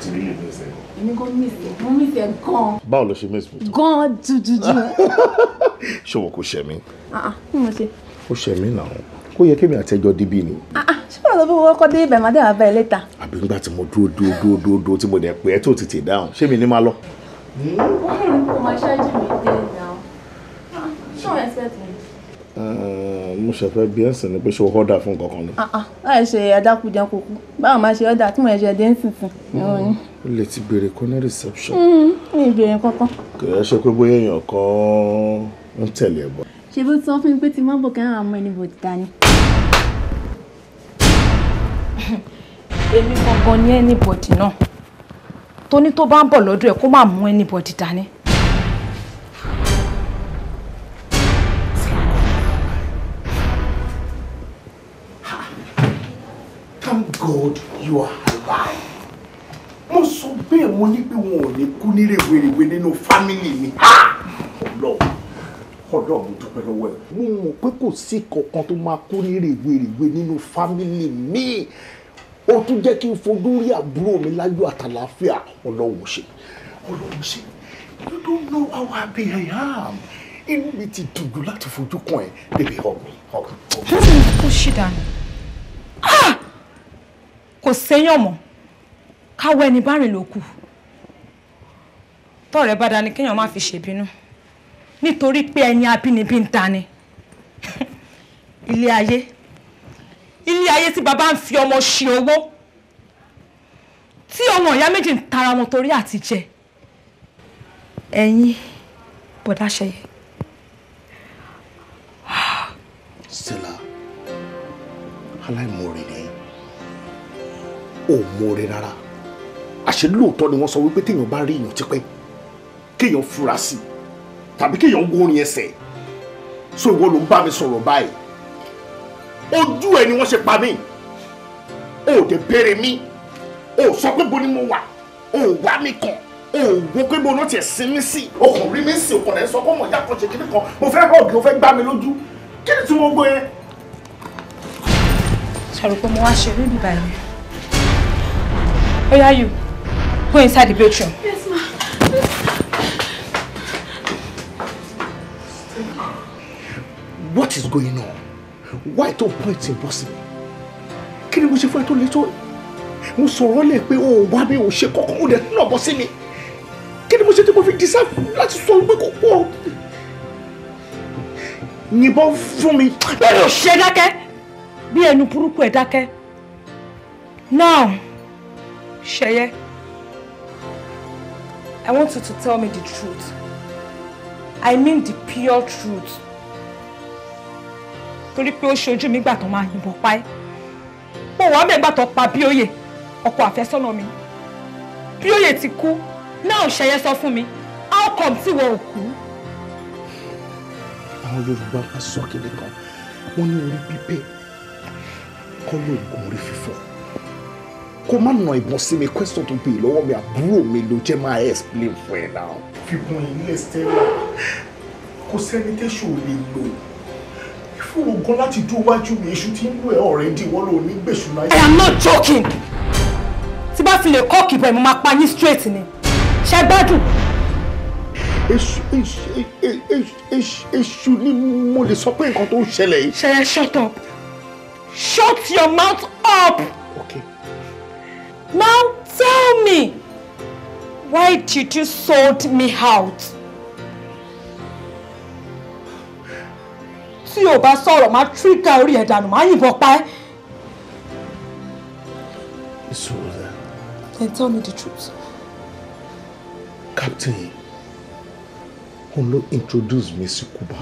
Èmi miss ẹ, mo miss ẹ gan. Báwo ló ṣe miss mi tó? Gan dududu. <laughs> Ṣé wọn kò ṣẹ̀ mí? Ah, ah, kí mo ṣe? Ó ṣẹ̀ mí náà. Kó yẹ kémi àtẹjọ́ débí ni. Ah, ṣé wọ́n lọ bí wọ́n kọ́ dé ibẹ̀ máa dé àbá ẹ létà? Àbí nígbà tí mo dúró dúró dúró dúró tí mo dẹ̀ pé ẹ tó tètè dáhùn, ṣé mi ní máa lọ? Why my charging me there now? Don't expect me. mo ṣe fẹ́ bí ẹ̀sìn ni pé ah, ah, ṣe ọ́dà fún kankan ni. láì ṣe ẹ̀dákùjẹ kúkú báwo máa ṣe ọ́dà tí mo ẹ̀ṣẹ̀ dé nísinsìn. Hmm, o lè ti béèrè kan ní reception. Hmm, mi ì béèrè kankan. kì í ṣe pé bóyá èèyàn kan ń tẹ̀lé ẹ̀ bọ̀. ṣe bó ti sọ fún mi pé ti má bọ̀ kẹ́hìn àwọn ẹni bòdì dání. èmi gangan ni ẹni bòdì náà tó tó bá ń bọ̀ lọ́dọ̀ ẹ̀ kó má mú anybody dání. Thank God you are alive. Mo sọ bẹ́ẹ̀ mo ní pé wọn ò ní kú ní rèwerèwe nínú fámìlì mi. Ọlọ́run ọ̀dọ́ mo dúpẹ́ lọ́wọ́ ẹ̀. Mo mọ̀ pé kò sí kankan tó máa kú ní rèwerèwe nínú fámìlì mi ó tún jẹ́ kí n fojú rí àbúrò mi láyọ̀ àtàlàáfíà ọlọ́run ṣe ọlọ́run ṣe you don't know how happy I am inú mi ti dùn jù láti fojú kan ẹ bèbè hug me hug me. ó ṣì dànù ah! kò séyàn mọ́ káwọ ẹni bá rìn lókù tọ́ọ̀rẹ́ bá dání kéèyàn má fi ṣèbínú nítorí pé ẹni abínibí ń dání <laughs> ilé ayé ilé ayé tí bàbá ń fi ọmọ ṣe owó tí ọmọ ìyá méjì ń tara wọn torí àti jẹ ẹ̀yin bọ̀dá ṣẹyẹ. Stella aláìmoore ni ò moore rárá àṣé lóòótọ́ ni wọ́n sọ wípé téèyàn bá rí èèyàn tipẹ́ kéèyàn fura sí tàbí kéèyàn gún orin ẹsẹ̀ so ìwọ ló ń bá mi sọ̀rọ̀ báyìí ojú ẹ ni wọ́n ṣe pa mí o ò dé béèrè mi o sọ pé bo ni mo wà o wá mi kàn o wo pé bo náà tiẹ̀ sin mi sí o kàn rí mi sí o kàn lẹ́ sọ pé ọmọ ìyá kan ṣe kíní kan mo fẹ́ hàn kí o fẹ́ gbá mi lójú kí ni tí mo gbé yẹn. pé mo wá ṣe rí bíbá oya you go inside the bedroom. Yes, ma. What is going on? why tó point bọ́ sí mi kí ni mo ṣe fún ẹ tó mo sọ̀rọ̀ lẹ̀ pé o wá mi ò ṣe kọ́kọ́ o dẹ̀ tún náà bọ́ sí mi kí ni mo ṣe tí mo fi deserve láti sọ pé kò pọ̀ yìnbọn fún mi. bẹ́ẹ̀ ló ṣe dákẹ́ bí ẹnu burúkú ẹ̀ dákẹ́ now ṣẹyẹ I want you to tell me the truth I mean the pure truth torí pé ó ṣojú mi gbà tó máa yìnbọn pa ẹ́ mo wà mẹ́gbà tó pa bíóyè ọkọ àfẹ́sọ́nà mi bíóyè ti kú náà ṣẹyẹ sọ fún mi how come tí wọn ò kú. àwọn Yorùbá máa sọ kíni kan wọn ní orí pípé kọ́ lóògùn orí fífọ́ kó má nà ìbọn sí mi question tó béè lọ́wọ́ mi àbúrò mi ló jẹ́ máa explain fún ẹ náà. fìbọn ilé stella kò sẹ́ni tẹ́sán ò lè lò fún láti dún iwájú mi èṣù tí ń lù ẹ́ ọ̀rẹ́ dì wọ́n lò ní gbèsù láyé. I am not joking tí bá fi lè kọ́ kìbọn ìmọ̀ máa pa yín straight ni ṣe gbádùn. èṣù ni mo lè sọ pé nǹkan tó ń ṣẹlẹ̀ yìí. ṣẹlẹ̀ shut up shut your mouth up. Okay. Now tell me why did you sold me out? tí o bá sọ̀rọ̀ máa tíríkà orí ẹ̀ dànù máa yìnbọn pa ẹ́. It's all Then tell me the truth. Captain, òun ló introduce mi sí Cuba.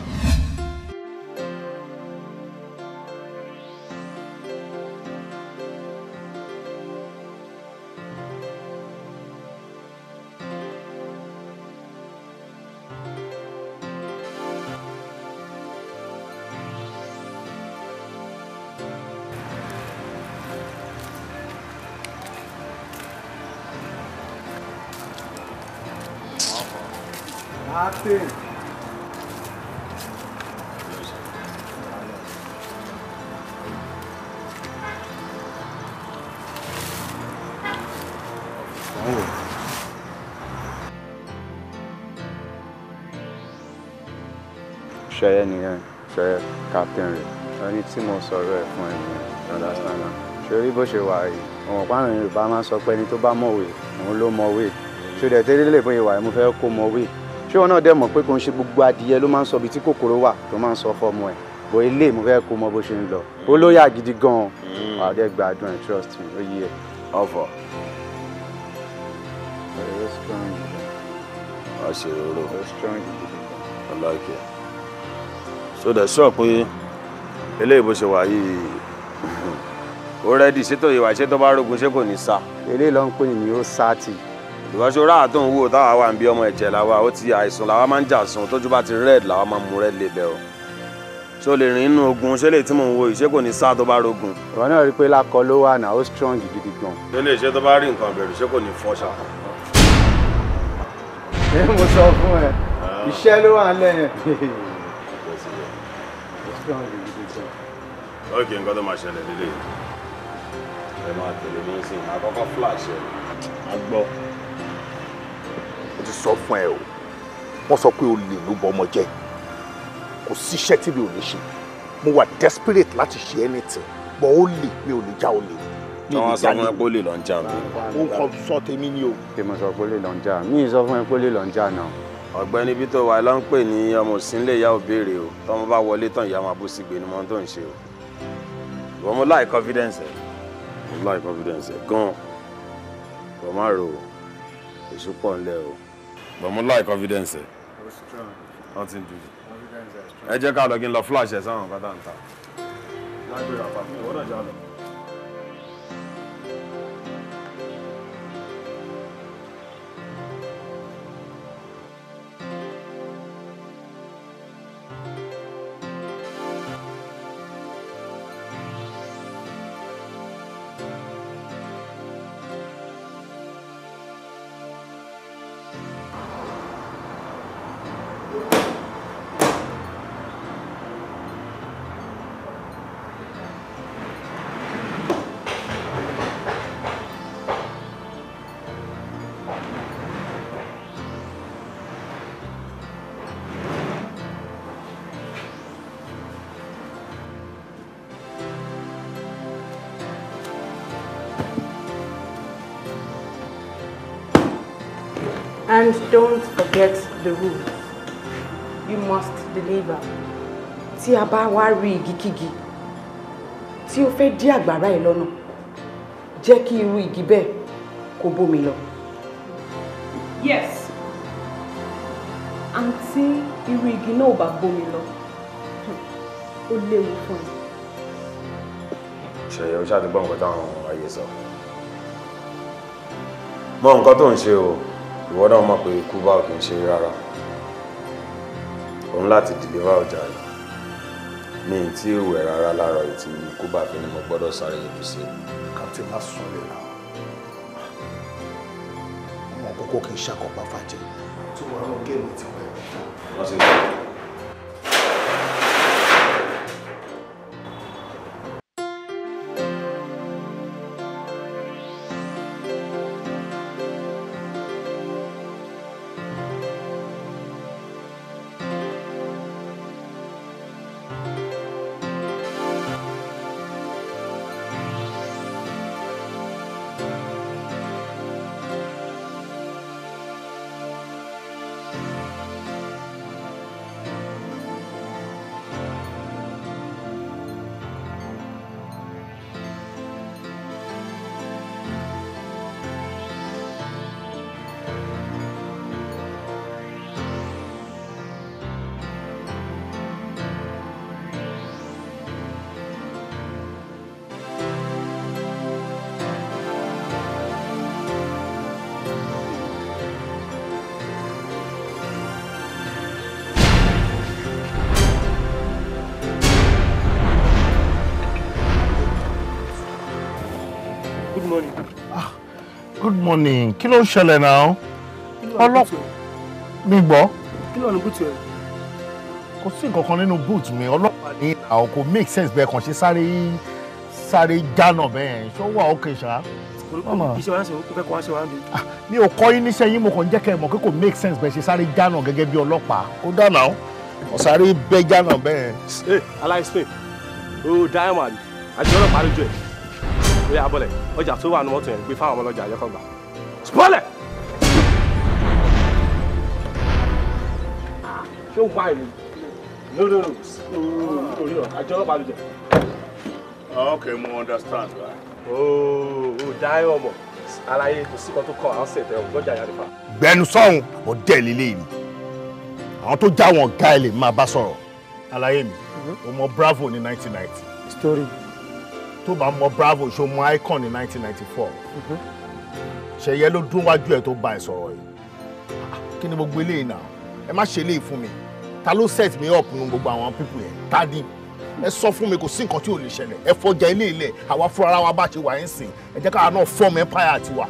tí mo sọ̀rọ̀ ẹ̀ fún ẹ understand ṣorí bó ṣe wà yìí ọ̀wọ̀n pàrọ̀ yorùbá máa ń sọ pé ẹni tó bá mọ̀wé òun ló mọ̀wé ṣòdẹ̀ tẹ́lẹ̀ lè fún ìwà ẹ̀ mo fẹ́ kó mọ̀wé ṣé wọn náà dẹ̀ mọ̀ pé kò ń ṣe gbogbo adìyẹ ló máa ń sọ ibi tí kòkòrò wà tó máa ń sọ fọmọ ẹ̀ bó ilé mo fẹ́ kó mọ bó ṣe ń lọ ó ló yà gan-an hmm. wà á dẹ̀ gbádùn eléyìí bó ṣe wà yìí ó rẹ́dì ṣètò ìwà ṣé tó bá rogun ṣé kò ní sá. eré ló ń pè ní ó sá tì. ìwáṣọ ráà tó ń wò táwa wà ń bí ọmọ ẹ̀jẹ̀ làwa ó ti àìsàn làwa máa ń jà sùn tójú bá ti rẹ́ẹ̀d làwa máa ń mu rẹ́ẹ̀d lébẹ̀ o. ṣé lè rìn inú ogun ṣé lè tí mò ń wo ìṣe kò ní sá tó bá rogun. ìwọ náà rí i pé lákọ ló wà náà ó strong gidi gan. ṣé lè ṣe tó bá rí nǹkan bẹ̀rù ṣé kò ní fọ́ ṣá. <laughs> ókè nǹkan tó máa ṣẹlẹ̀ nílé ẹ máa tẹ̀lé mi sí àkọ́kọ́ flash ẹ̀ á gbọ́. mo ti sọ fún ẹ o wọ́n sọ pé o lè ló bọ ọmọ jẹ kò sí iṣẹ́ tí mi ò lè ṣe mo wà desperate láti ṣe anything but ó lè mi ò lè já o lè mi ò lè já ní. ó lè lọ ń jà mí. ó ń kọ sọ tèmi ni o. èmi sọ pé ó lè lọ ń jà mí sọ fún ẹ pé ó lè lọ ń jà náà. ọ̀gbẹ́ni bí tó wà ló ń pè ní ọmọ òsínlẹ̀ ìyá òbéèrè o tọ́mọ bá wọlé tán ìyá máa bó sí ni mo tó ń ṣe o wọ́n mo láì confidence ẹ̀ e. mo láì confidence ẹ̀ e gan-an wọ́n má rò ó èso pọ̀ ńlẹ̀ o e. wọ́n mo láì confidence ẹ̀ nothing do ẹ jẹ́ ká lọ kí n lọ flash ẹ̀ sáwọn kátà ń ta lágbèrè àpapọ̀ ìwọ́n náà já lọ. And don't forget the rules. You must deliver. Tí a bá wá rí igikígi tí ó fẹ́ dí àgbàrá ẹ̀ lọ́nà, jẹ́ kí irú igi bẹ́ẹ̀ kó bómi lọ. Yes. Àǹtí irú igi náà ba bá bómi lọ, ó léwu fún mi. Ṣèyí o ṣáà ti gbọ́ nǹkan táwọn ayé sọ. Mọ nǹkan tó ń ṣe o ìwọ náà mọ̀ pé ikú bá òkè ń ṣe rárá òun láti dìlíwá ọjà yìí mi ì tí ì wẹ̀ rárá láàárọ̀ ètí ikú bá fi ni mo gbọ́dọ̀ sáré yẹjú sí. kàtí má sùn lè ra àwọn kókó kì í ṣàkóbá fàjẹ tó wà lọ géèmù tí wọ́n ẹ̀ wọ́n ti sọ. good morning kí ló ń ṣẹlẹ̀ náà ọlọ́pàá mi gbọ́. kí ló ń bùtù ẹ̀. kò sí nǹkan kan nínú boot mi ọlọ́pàá ní àwọn kò make sense bẹ́ẹ̀ kàn ṣe sáré sáré jánà bẹ́ẹ̀ ṣó wà ó kèṣà. iṣẹ́ wa ṣe o fẹ́ kó wá ṣe wá ń bi. Ah, mi ò kọ́ yín níṣẹ́ yín mo kàn jẹ́ kẹ́ ẹ mọ̀ pé kò make sense bẹ́ẹ̀ ṣe sáré jánà gẹ́gẹ́ bí ọlọ́pàá ó dànà ó ọ̀sáré bẹ́ jánà bẹ́ẹ̀. aláìsí pé oh, o diamond àti ọlọ́pàá lójú ó yà ọjà tó wà ní mọ́tò yẹn gbé fáwọn ọmọlọ́jà ayẹ́kọ́ gbà ṣé o pa ìlú no no no orí ọ àjọ ọlọ́pàá ló jẹ. ok mo understand. ooo dáhùn ọmọ aláyé kò sí kan tó kọ àwọn ṣètẹ ọ̀hún lọ́jà yàrá ìfà. gbẹnu sọhùn àmọ́ dẹ lílé mi àwọn tó já wọn ọgá ẹ lè máa bá sọ̀rọ̀ aláyé mi ọmọ mm-hmm. bravo ní nineteen story tó bá mọ bravo ṣó mọ icon ní 1994 mhm. ṣẹyẹ ló dún wájú ẹ tó bá ẹ sọ̀rọ̀ yìí kí ni gbogbo eléyìí náà ẹ má ṣe eléyìí fún mi ta ló set me up nu gbogbo àwọn pípù yẹn tádì ẹ sọ fún mi kò sí nǹkan tí ò lè ṣẹlẹ̀ ẹ fọjá ilé ilẹ̀ àwa fúnra ara wa bá ṣe wà ń sìn ẹ jẹ́ káwa náà form empire tiwa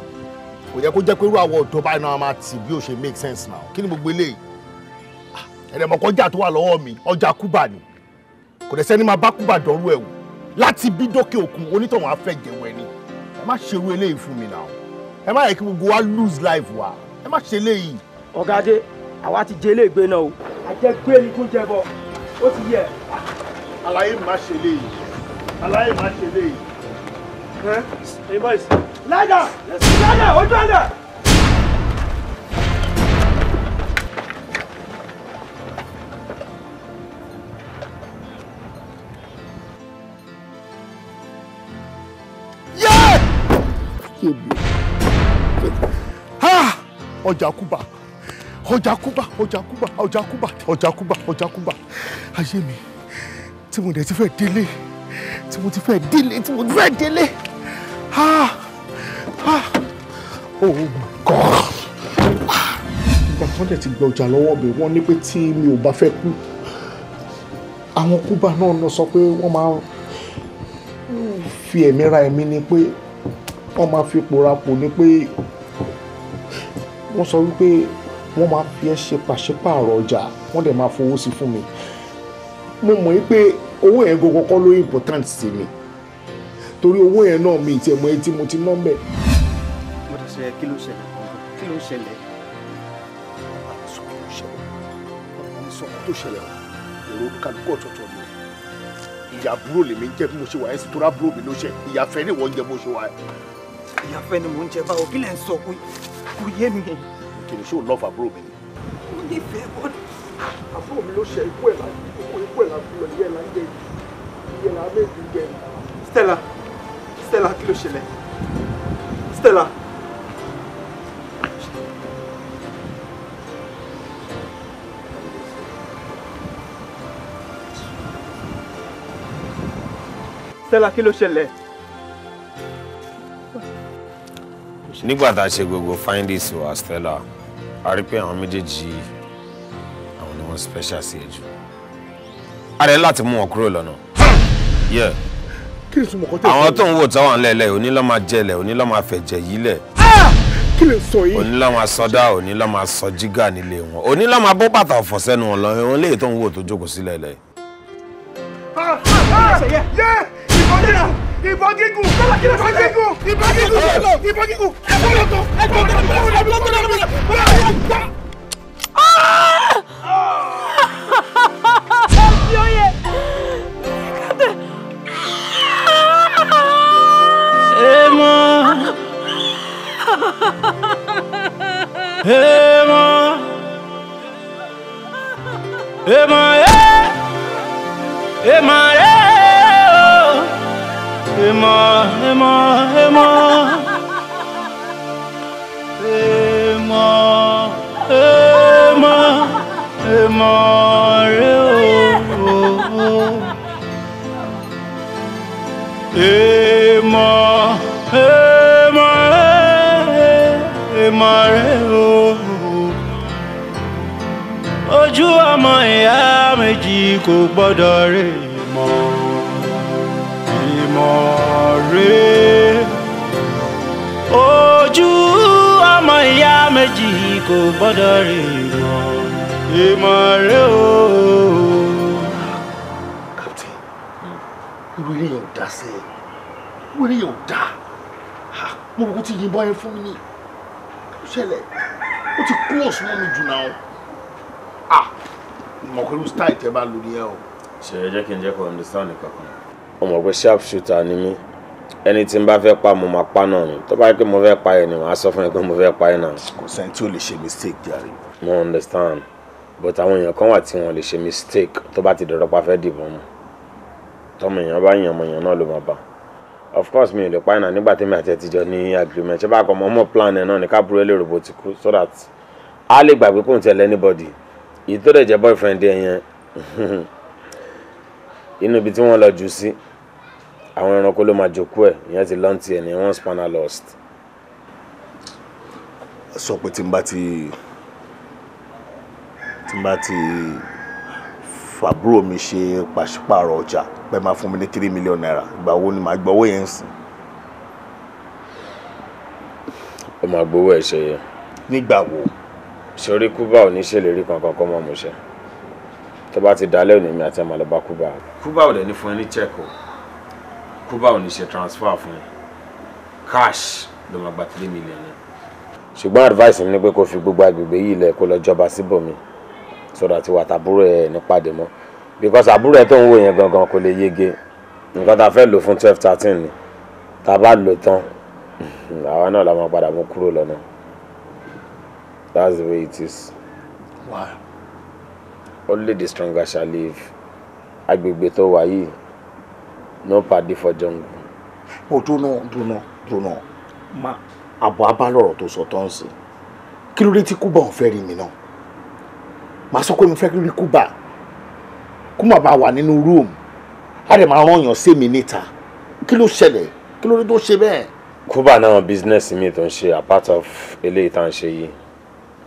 kò yẹ kó jẹ́ pé irú àwọn ọ̀dọ́ báyìí náà máa tì bí ó ṣe make sense now kí ni gbogbo eléyìí ah, ẹ̀rẹ̀mọ̀kọ́jà tó wà lọ́wọ́ mi ọjà kúbà ni kò dẹ̀ sẹ́ni máa bá kúbà dọ́rú ẹ̀ wò láti bí dókè òkun onítọ̀hún afẹ́ jẹun ẹni ẹ má ṣerú eléyìí fún mi náà ẹ má yẹ kí gbogbo wa lose life wa ẹ má ṣe eléyìí. ọ̀gá adé àwa ti jẹ eléègbé náà o àjẹgbé ni kún jẹ bọ ó ti yẹ. àlàyé má ṣe eléyìí àlàyé má ṣe eléyìí. ẹ ẹ bọ́ìsì. láìda láìda ojú ẹ̀dá. kí èmi o ọjà kúbà ọjà kúbà ọjà kúbà ọjà kúbà ọjà kúbà ọjà kúbà ayé mi tí mo dẹ̀ ti fẹ́ délé tí mo ti fẹ́ délé tí mo ti fẹ́ délé ah ah oh god ìgbà tí wọ́n dẹ̀ ti gba ọjà lọ́wọ́ mi wọ́n ní pé tí mi ò bá fẹ́ kú àwọn kúbà náà sọ pé wọ́n máa fi ẹ̀mí ra ẹ̀mí ni pé wọ́n máa fi pòrapò ni pé wọ́n sọ wípé wọ́n máa fi ẹ́ ṣe pàṣípààrọ̀ ọjà wọ́n dẹ̀ máa fowó sí fún mi mo mọ̀ pé owó yẹn gbogbo kọ́ ló important sí mi torí owó yẹn náà mi ìtì ẹ̀mọ́ etí mo ti ná mbẹ́. mo ti sọ kí ló ṣẹlẹ̀ kí ló ṣẹlẹ̀. sọ èrò kálukú ọ̀tọ̀ọ̀tọ̀ ni ìyá lèmi ń jẹ́ bí mo ṣe wà ẹ́ sí torá àbúrò mi ló ṣe ìyá fẹ́rẹ̀ wọ́n ń jẹ́ bó ṣe wà ẹ́ ìyàfẹ́ ni mò ń jẹ báwo kí lẹ̀ ń sọ kò yé mi. kì í ṣe òun mi ni. ó nífẹ̀ẹ́ bọ́ ni. àbúrò mi ló ṣe ikú ẹ̀ la ikú ẹ̀ la gbúlọ̀ ìyẹ́ la ń jẹ ìyẹ́ la méjì ń jẹ ẹ̀. Stella Stella kí ló ṣẹlẹ̀ Stella. Stella kí ló ṣẹlẹ̀. nígbà tá a ṣe gbogbo findings wa Stella a rí pé àwọn méjèèjì àwọn ni wọ́n special sí ẹ jù a rẹ̀ láti mú wọn kúrò lọ́nà àwọn tó ń wò táwọn lẹ́lẹ̀ onílọ́mà jẹlẹ̀ onílọ́mà fẹ̀jẹ̀ yìí lẹ̀ onílọ́mà ah! sọdá onílọ́mà sọ jígà nílé wọn onílọ́mà bó bàtà ọ̀fọ̀ sẹ́nu wọn lọ́yìn wọn léyìí tó ń wò tó jókòó sílẹ̀ lẹ́yìn. ìbọn gígùn ìbọn gígùn ìbọn gígùn ìbọn gígùn Emma. Emma. Emma. Emma. Emma, Emma, Emma. Emma, Emma, Emma, oh, oh. Emma, Emma, Emma, oh. Ojú ọmọ ìyá méjì kò gbọ́dọ̀ rèé. ìyá méjì kò gbọ́dọ̀ rí mọ́ ìmọ̀ rẹ o. captain irú ilé yẹn ò dá sí ẹ irú ilé yẹn ò dá mo kò ti yìnbọn yẹn fún mi ní ó ṣẹlẹ̀ ó ti close mọ́ mi jù náà ah mọ̀kúrú style tẹ́ bá lò ní ẹ o. ṣe é jẹ́ kí n jẹ́ kó understand nìkan kan. ọmọ ọgbẹ́ sharp shooter ni mí ẹni tí n bá fẹ́ pa mo máa pa náà ni tó bá yẹ pé mo fẹ́ pa yẹn ni màá sọ fún ẹ pé mo fẹ́ pa yẹn náà. kò sẹ́ni tí ò lè ṣe mistake jàre. mo understand but àwọn èèyàn kan wà tí wọ́n lè ṣe mistake tó bá ti dọ̀rọ̀ pa fẹ́ dìbò mu tọmọ èèyàn bá yàn ọmọ èèyàn náà ló máa bá of course mi ò lè pa yẹn náà nígbà tí mi àti ẹ ti jọ ní agreement ṣé bá kọ mọ ọmọ plan ẹ náà ní káàbùrú ẹ lè rògbò ti kú so that a lè gbàgbé kóhun ti ẹ lẹ́nibọ̀dì ìtòdẹ̀jẹ̀ boyfriend ẹ yẹn <laughs> inú ibi tí wọ́n lọ jù sí. Si àwọn ẹranko ló máa jòkó ẹ̀ ìyẹn ti lọ́ntì ẹ̀ ní one spanner lost. sọ pé tí n bá ti tí n bá ti fàbúrò mi ṣe pàṣípààrọ̀ ọjà pé máa fún mi ní three million naira ìgbà wo ni màá gbọ́ owó yẹn sìn. ó máa gbowó ẹ̀ ṣe yẹ. nígbà wo. sori kuba ò ní ṣèlérí kankan kọ́ mọ́ mo ṣe tó bá ti dalẹ́ òní mi àti àmàlẹ́ bá kuba. kuba ò lè ní fún ẹ ní check o. Kuba báwo ni ṣe transfer fún cash ló máa gba three million yẹn. ṣùgbọ́n advice mi ni pé kó fi gbogbo agbègbè yìí lẹ̀ kó lọ jọba síbòmí sọ̀rọ̀ àti wàtàbúrò ẹ̀ nípàdé mọ́ because àbúrò ẹ̀ tó ń wò yẹn gangan kò lè yege nǹkan tá a fẹ́ lò fún twelve thirteen ni tá a bá lò tán <laughs> àwa náà la máa padà mú kúrò lọ́nà that's the way it is. Why? Only the stronger shall live agbègbè tó wà yìí no pàdé for jungle. Oh, o dúnà dúnà dúnà má àbọ̀ abálọ̀rọ̀ tó sọ tó ń sìn kí ló dé tí kúbà ò fẹ́ rí mi náà màá sọ pé mo fẹ́ rí kúbà kúmà máa wà nínú rúùmù á dẹ̀ máa rányàn sí mi níta kí ló ṣẹlẹ̀ kí ló dé tó ṣe bẹ́ẹ̀. kúbà náà business mi tó ń ṣe a part of eléyìí tá à ń ṣe yìí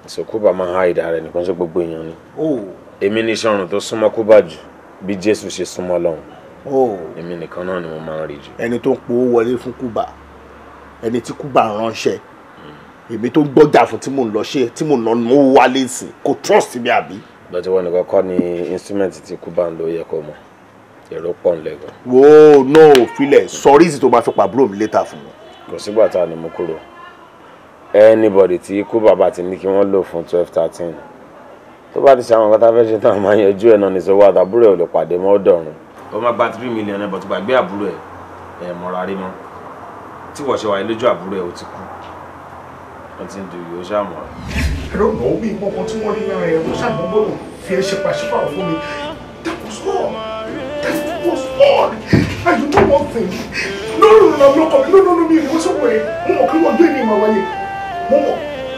so kúbà máa ń há ìdá rẹ̀ nìkan ṣe gbogbo èèyàn ni oh. èmi ní sọrùn tó súnmọ́ kúbà jù bí jésù ṣe súnmọ́ lọ́hùn. Oh. èmi nìkan náà ni mo máa ń rí jù. ẹni tó ń powó wọlé fún Kuba ẹni tí Kuba ránṣẹ́ hmm. èmi tó ń gbọ́jà fún tí mò ń lọ ṣe tí mò ń lọ náwó wálé sí kò trust mi àbí. lọ́jọ́ wọn nìkan kọ́ ni instrument tí Kuba ń lò yẹ kó mọ̀ èrò pọ̀ ń lẹ́gàn. wo no filẹ̀ sọ rísì tó bá fi pàbúrò mi létà fún mi. kò sígbà tá a ní mú kúrò anybody tí Kuba bá ti ní kí wọ́n lò fún twelve thirteen tó bá ti ṣe àwọn nǹkan tá a fẹ́ ṣe tán máa yanjú ẹ̀ náà ní sọ wá àdàbúrò ò lè pàdé mọ́ ọ̀dọ̀run ó máa gba three million ẹ̀ bọ̀ tó gbàgbé àbúrò ẹ̀ ẹ̀ mọ̀ra rí mọ́ tí wọ́n ṣe wà lójú àbúrò ẹ̀ ó ti kú wọ́n ti ń du yòó ṣáà mọ̀. ẹ̀rọ mọ̀ omi ìmọ̀kan tí wọ́n rí lára ẹ̀ wọ́n ṣàmọ́ gbọ́dọ̀ fi ẹ ṣe pàṣípàrọ̀ fún mi that was wrong that was wrong and you know one thing no no no no no no no no mi ìwọ́sọ̀wọ̀ ẹ̀ mo mọ̀ pé wọ́n gbé ní ìmọ̀ wáyé mo mọ̀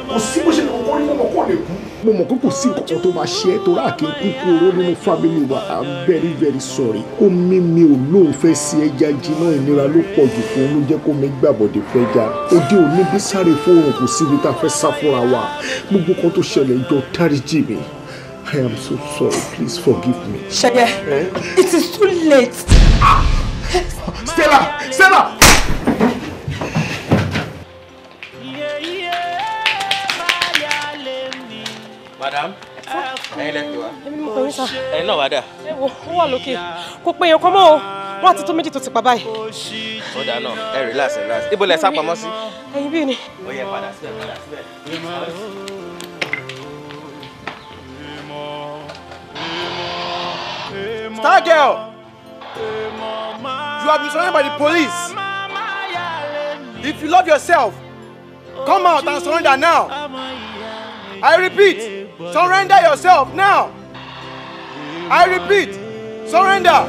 kò sí bó ṣe lè kọ́kọ́ rí mo mọ̀ kó lè kú mo mọ̀ pé kò sí nǹkan tó máa ṣe ẹ́ torí àkè kúkú oró nínú fámìlì wa i'm very very sorry ó mí mi ò lóun fẹ́ sí ẹja jiná ìnira ló pọ̀ jù fún un ló jẹ́ kó mi gbàbọ̀dé fẹ́ já òde òní bí sáré fóònù kò síbi tá a fẹ́ sá fúnra wa gbogbo kan tó ṣẹlẹ̀ jọ dáríjì mi i am so sorry please forgive me. ṣẹyẹ eh? it is too late. Ah! Stella Stella. madam ẹ̀yin lẹ́pẹ̀ wá. èmi ni mo pè yín sá. ẹ̀yin náà wá dà. ẹ wo ó wà lókè kò pé èèyàn kan mọ́ o wọ́n àti tó méjì tó ti pa báyìí. ó dà náà ẹ eh, relax relax ibo lẹ sá pamọ́ sí. ẹ̀yin bí ni. ó yẹ padà síbẹ̀ padà síbẹ̀. Star girl, you have been surrounded by the police. If you love yourself, come out and surrender now. I repeat, Surrender yourself now. I repeat, surrender.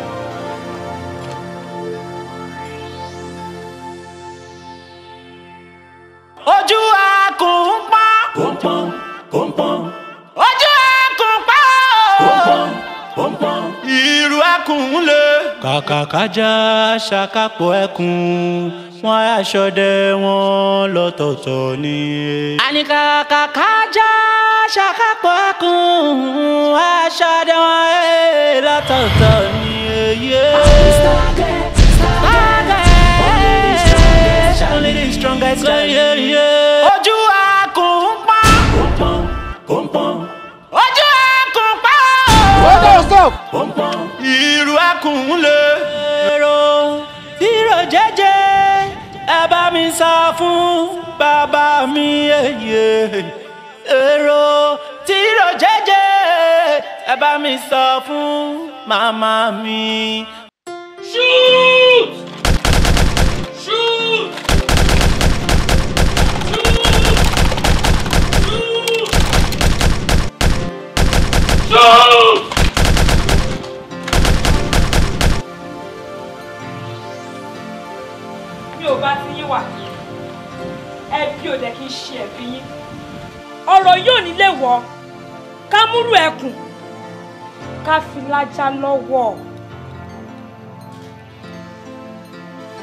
Ojú ẹkùn ń pọ́n. Kò ń pọ́n, kò ń pọ́n. Ojú ẹkùn ń pọ́n, kò ń Ìrù ẹkùn ń lè kàkàkájà ṣàkápọ̀ ẹkùn wọn aṣọdẹ wọn lọ́tọ̀ọ̀tọ̀ ni. àní kàkàkájà ṣàkápọ̀ ẹkùn wọn aṣọdẹ eh, wọn lọ́tọ̀ọ̀tọ̀ ni. Eh, only the strongest, yeah, yeah. Ojú akùn ń pa. Ó ń pọn, ó ń pọn. Ojú akùn ń pa. on, ẹkùn lè. èrò tìrò jẹ́jẹ́ ẹ bá mi sá fún bàbá mi èyè èrò tìrò jẹ́jẹ́ ẹ bá mi sọ fún màmá mi. shoot shoot. Shoot! Shoot! Shoot! wà ẹbí ò dẹ̀ kí n ṣe ẹ̀bí yín ọ̀rọ̀ yóò nílé wọ̀ ká múrù ẹkùn ká fi lájà lọ́wọ́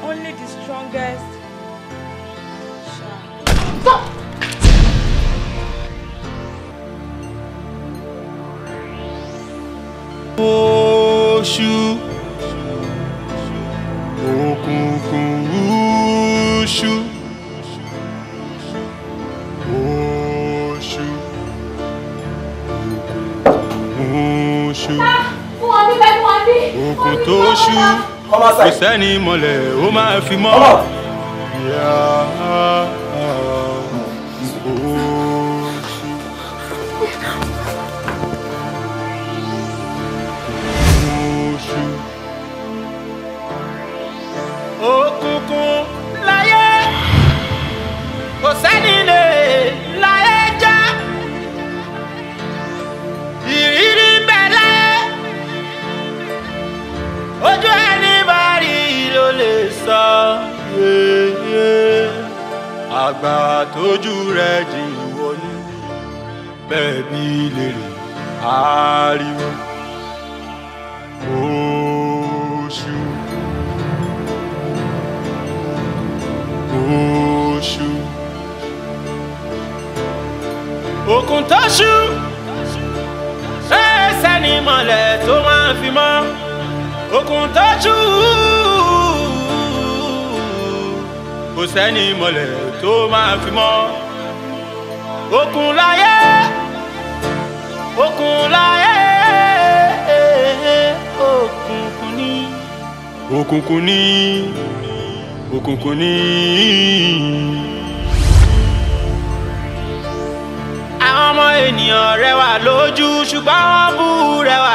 only the strongest shall. Stop! tó ṣú kò sẹ́ni mọ̀lẹ́ ó máa fi mọ́. àgbà tójú rẹ̀ jìn wọlé bẹ́ẹ̀ bí lèrè ariwo oṣù oṣù òkun tóṣù ṣẹ́ẹ́sẹ́ ni mọ̀lẹ́ tó máa ń fi mọ́ òkun tóṣù kò sẹ́ni mọ̀lẹ́ tó máa fi mọ́ okùn láyé okùn láyé òkùnkùn ní. òkùnkùn ní òkùnkùn ní. àwọn ọmọ ènìyàn rẹwà lójú ṣùgbọ́n wọ́n bú rẹwà.